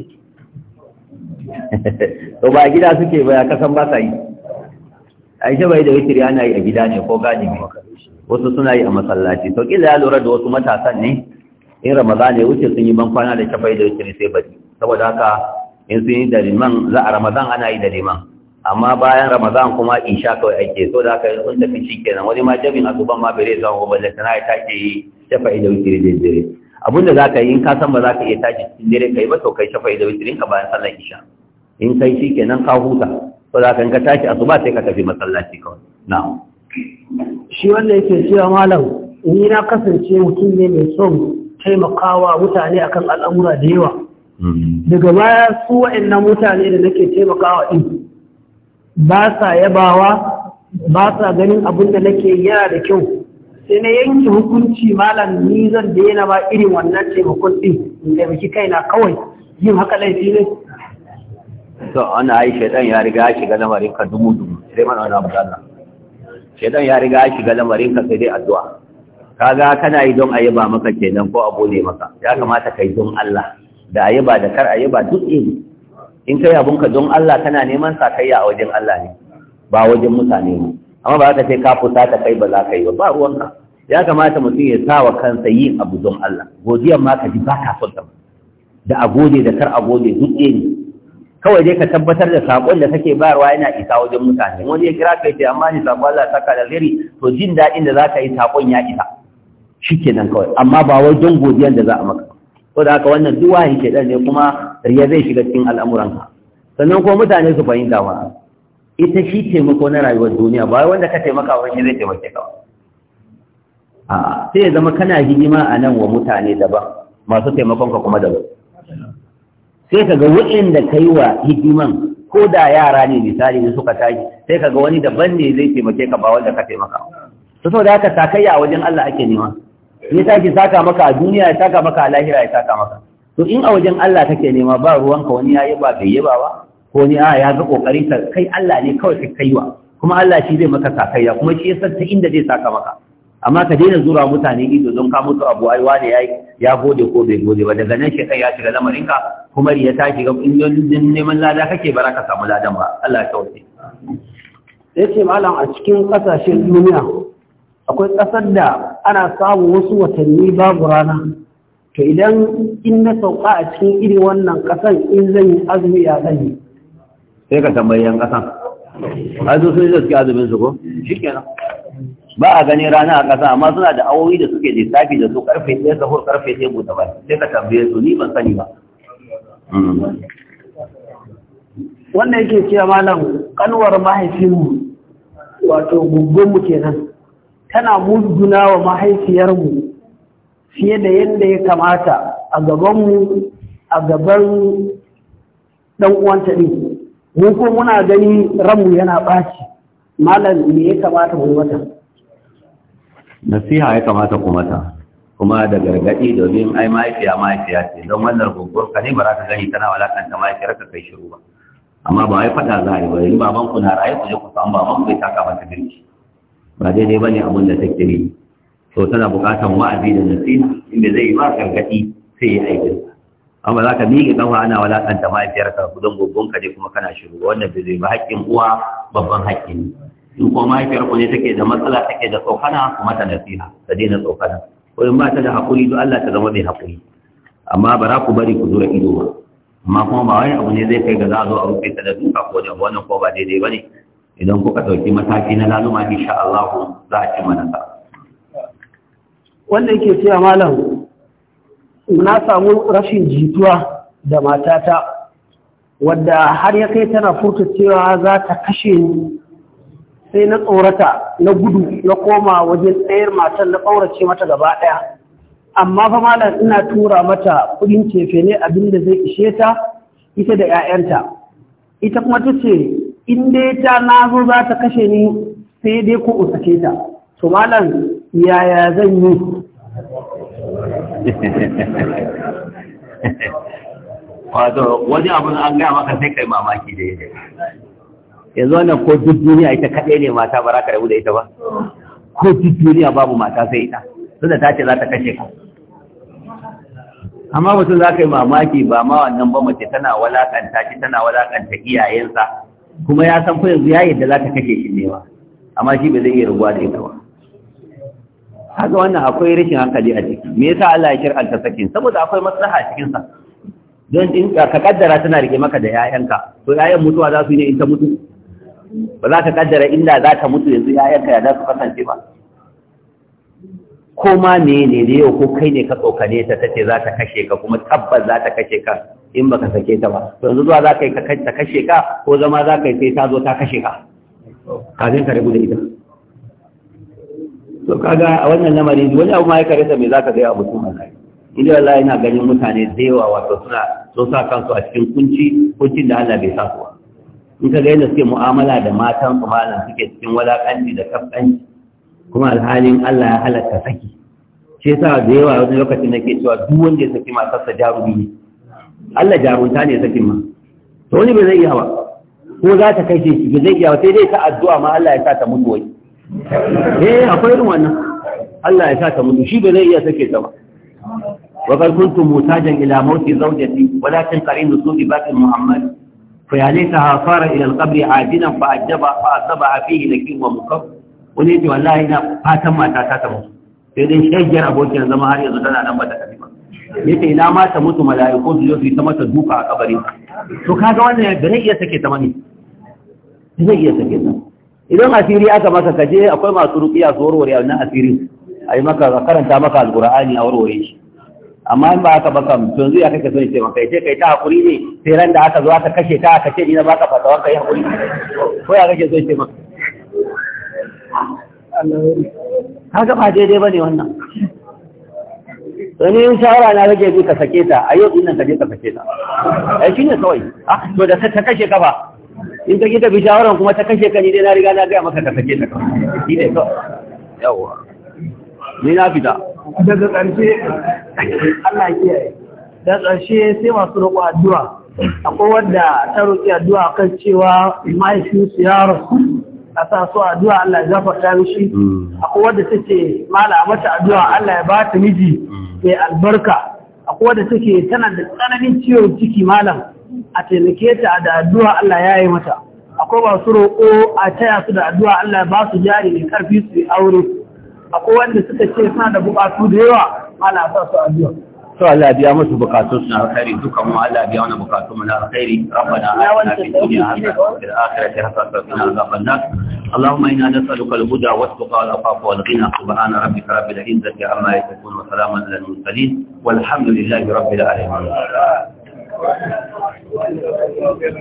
[LAUGHS] to ba a gida suke ba ya kasan ba sa yi a yi shafa'i da witiri ana yi a gida ne ko gani ne wasu suna yi a masallaci to ƙila ya lura da wasu matasan ne in ramadana ya wuce sun yi ban kwana da shafa'i da witiri sai bari saboda haka in sun yi da liman za a ramadan ana yi da liman amma bayan ramadan kuma isha kawai ake so da aka yi sun tafi shi kenan wani ma jami'in asuban ma bere zai samu balle sana ya take yi shafa'i da witiri da dare Abunda za ka yi in ka san ba za ka iya tace cikin dare kai ba to kai shafa'i da witirin ka bayan sallar isha in kai shi kenan ka huta to da ka in ka tashi asuba sai ka tafi masallaci kawai na'am shi wanda yake cewa malam ni na kasance mutum ne mai son taimakawa mutane akan al'amura da yawa mm. daga baya su wa'annan mutane da nake taimakawa din ba sa yabawa ba sa ganin abin da nake yana da kyau sai na yanke hukunci malam ni zan daina ba irin wannan taimakon din in taimaki kaina kawai yin haka laifi ne to ana ai shaidan ya riga ya shiga lamarin ka dumu dumu sai mana wani abu Allah shaidan ya riga ya shiga lamarin ka sai dai addu'a kaga kana yi don ayyaba maka kenan ko abu ne maka ya kamata kai don Allah da ayyaba da kar ayyaba duk ne in kai abun ka don Allah kana neman sakayya a wajen Allah ne ba wajen mutane ne amma ba ka sai ka fusa ta kai ba za ka yi ba ba ruwanka ya kamata mutum ya sa wa kansa yin abu don Allah godiyan ma ka ji ba ka son da a da kar a gode duk ne kawai dai ka tabbatar da sakon da kake bayarwa yana isa wajen mutane wani ya kira kai sai amma ni sakon Allah saka da zari to jin daɗin da za ka yi sakon ya isa shikenan kawai amma ba wai don godiyan da za a maka ko da haka wannan duk wahin shedan ne kuma riya zai shiga cikin al'amuranka sannan kuma mutane su fahimta ba ita shi taimako na rayuwar duniya ba wanda ka taimaka wa shi zai taimake ka a sai ya zama kana hidima a nan wa mutane daban masu taimakonka kuma daban sai ka ga waɗanda ka yi wa hidiman ko da yara ne misali ne suka tashi sai ka ga wani daban ne zai taimake ka ba wanda ka taimaka to saboda haka sakayya a wajen Allah ake nema ya tashi saka maka a duniya ya saka maka a lahira ya saka maka to in a wajen Allah kake nema ba ruwanka wani ya ba bai yaba ba ko ni a ya ga kokarin ka kai Allah ne kawai ka kaiwa kuma Allah shi zai maka sakayya kuma shi yasa ta inda zai saka maka amma ka daina zura mutane ido don ka mutu abu ai wane yayi ya gode ko bai gode ba daga nan kai ya shiga lamarin ka kuma riya ta shiga indolin neman lada kake bara ka samu ladan ba Allah ya sai ce malam a cikin kasashen duniya akwai ƙasar da ana samu wasu watanni babu rana to idan in na sauka a cikin iri wannan ƙasar in zan yi azumi ya zai sai ka tambayi yan ƙasan azu sun yi suke azumin su ko shikenan ba a gani rana a ƙasa amma suna da awowi da suke da tafi da su karfe ɗaya sahur karfe ɗaya buɗe ba sai ka tambaye su ni ban sani ba wannan yake cewa malam kanwar mahaifinmu wato gugunmu kenan tana muzguna wa mahaifiyarmu fiye da yadda ya kamata a gabanmu a gaban ɗan uwanta ɗin mu ko muna gani ranmu yana ɓaci malam me ya kamata mu mata nasiha ya kamata ku mata kuma da gargaɗi domin ai mahaifiya mahaifiya ce don wannan gugur ka ne ba za ka gani tana walakanta mahaifiyar ka kai shiru ba amma ba wai faɗa za a yi ba yi baban ku na raye ku je ku samu baban ku ya taka mata girki. ba daidai ba ne abin da take yi so tana buƙatar wa'azi da nasiha inda zai yi ba gargadi sai ya aikin amma za ka miƙe kafa ana walaƙanta mahaifiyarka gudun gobbon ka ne kuma kana shiru wannan bai zai ba haƙƙin uwa babban haƙƙi ne in kuma ku ne take da matsala take da tsokana kuma ta nasiha ta daina tsokana ko in ba ta da haƙuri don Allah ta zama mai haƙuri amma ba ku bari ku zura ido ba amma kuma ba wani abu ne zai kai ga za a zo a rufe ta da duka ko da wannan ko ba daidai ba ne idan kuka ɗauki mataki na laluma insha Allah za a ci manasa wanda yake cewa malam na samu rashin jituwa da matata wadda har ya kai tana furta cewa za ta kashe ni sai na tsorata na gudu na koma wajen tsayar matan na ƙaurace mata gaba ɗaya amma fa malam ina tura mata kuɗin cefe ne abin da zai ishe ta ita da 'ya'yanta ita kuma ta ce in dai ta na zo za ta kashe ni sai dai ko in sake ta to malam yaya zan yi [LAUGHS] wato wani abin an gaya maka sai kai mamaki da yake yanzu wannan ko duk duniya ita kaɗai ne mata ba za ka rabu da ita ba ko duk duniya babu mata sai ita tunda ta ce za ta kashe ka amma mutum za ka yi mamaki ba ma wannan ba mace tana walakanta shi tana walakanta iyayensa kuma ya san ko yanzu ya yadda za ta kashe shi ne ba amma shi bai zai iya rubuwa da ita ba haka wannan akwai rashin hankali a ciki me yasa Allah ya shir'anta sakin saboda akwai maslaha a cikin sa don in ka kaddara tana rike maka da 'ya'yanka, to 'ya'yan mutuwa za su yi ne in ta mutu ba za ka kaddara inda za ta mutu yanzu 'ya'yanka ya za su kasance ba ko ma ne ne yau ko kai ne ka tsokane ta tace za ta kashe ka kuma tabbas za ta kashe ka in baka sake ta ba yanzu zuwa za ka yi ta kashe ka ko zama za ka yi sai ta zo ta kashe ka kafin ka rabu da ita to kaga a wannan lamarin wani abu ma ya karanta me ka ga abu tun Allah inda Allah yana ganin mutane da yawa wato suna so sa kansu a cikin kunci kuncin da Allah bai sa su in ka ga yadda suke mu'amala da matan su malam suke cikin walakanci da kafanci kuma alhalin Allah ya halatta saki shi sa da yawa wani lokacin nake cewa duk wanda ya saki sassa jarumi ne Allah jarunta ne sakin ma to wani bai zai iya ba ko za ta kai shi bai zai iya ba sai dai ta addu'a ma Allah ya sa ta mutu wai eh akwai irin wannan Allah ya sa ta mutu shi bai zai iya sake ta ba وقد كنت محتاجا إلى موت زوجتي ولكن قرين نسوء بات محمد فيا ليتها صار إلى القبر عاجلا فأجب فأصبع فيه نكير ومكر wani yake wallahi na fatan mata ta mutu sai dai shagiyar abokin zama har yanzu tana nan ba ta kafi ba yace ina ma ta mutu mala'iku su zo su yi ta mata duka a kabarin to kaga wannan da zai iya sake ta mani zai iya sake ta idan asiri aka maka kaje akwai masu rukiya su warware wannan asirin yi maka karanta maka alkur'ani a warware shi amma in ba aka baka yanzu ya kake son ce maka yace kai ta hakuri ne sai ran da aka zo aka kashe ta aka ce ni na baka fatawa yi hakuri ko ya kake son ce maka haka ba daidai ba ne wannan wani yin shawara na rage bi ka sake ta a yau ɗin ka je ka sake ta a shi ne kawai ah, to da ta kashe ka ba in ka gita bi shawaran kuma ta kashe ka ni dai na riga na gaya maka ka sake ta kawai shi ne kawai yawa ni na fita daga ƙarshe Allah kiyaye Daga ƙarshe sai masu roƙo addu'a akwai wanda ta roƙi addu'a kan cewa mahaifinsu ya rasu a sa so addu'a Allah ya gafarta mishi mm. akwai wadda take mala mata addu'a Allah ya ba ta miji mm. mai albarka akwai wadda take tana da tsananin ciwon ciki malam a taimake ta da addu'a Allah ya yi mata akwai ba su roƙo a taya su da addu'a Allah ya ba su jari mai karfi su yi aure akwai wanda suka ce suna da buƙatu da yawa mala sa su addu'a to Allah biya musu bukatun alkhairi dukan mu Allah biya wani bukatun mu na alkhairi rabbana atina fid dunya hasanatan wa fil akhirati hasanatan wa qina adhaban nar اللهم انا نسالك الهدى والتقى والعفاف والغنى سبحان ربك رب العزه عما يصفون وسلام على المرسلين والحمد لله رب العالمين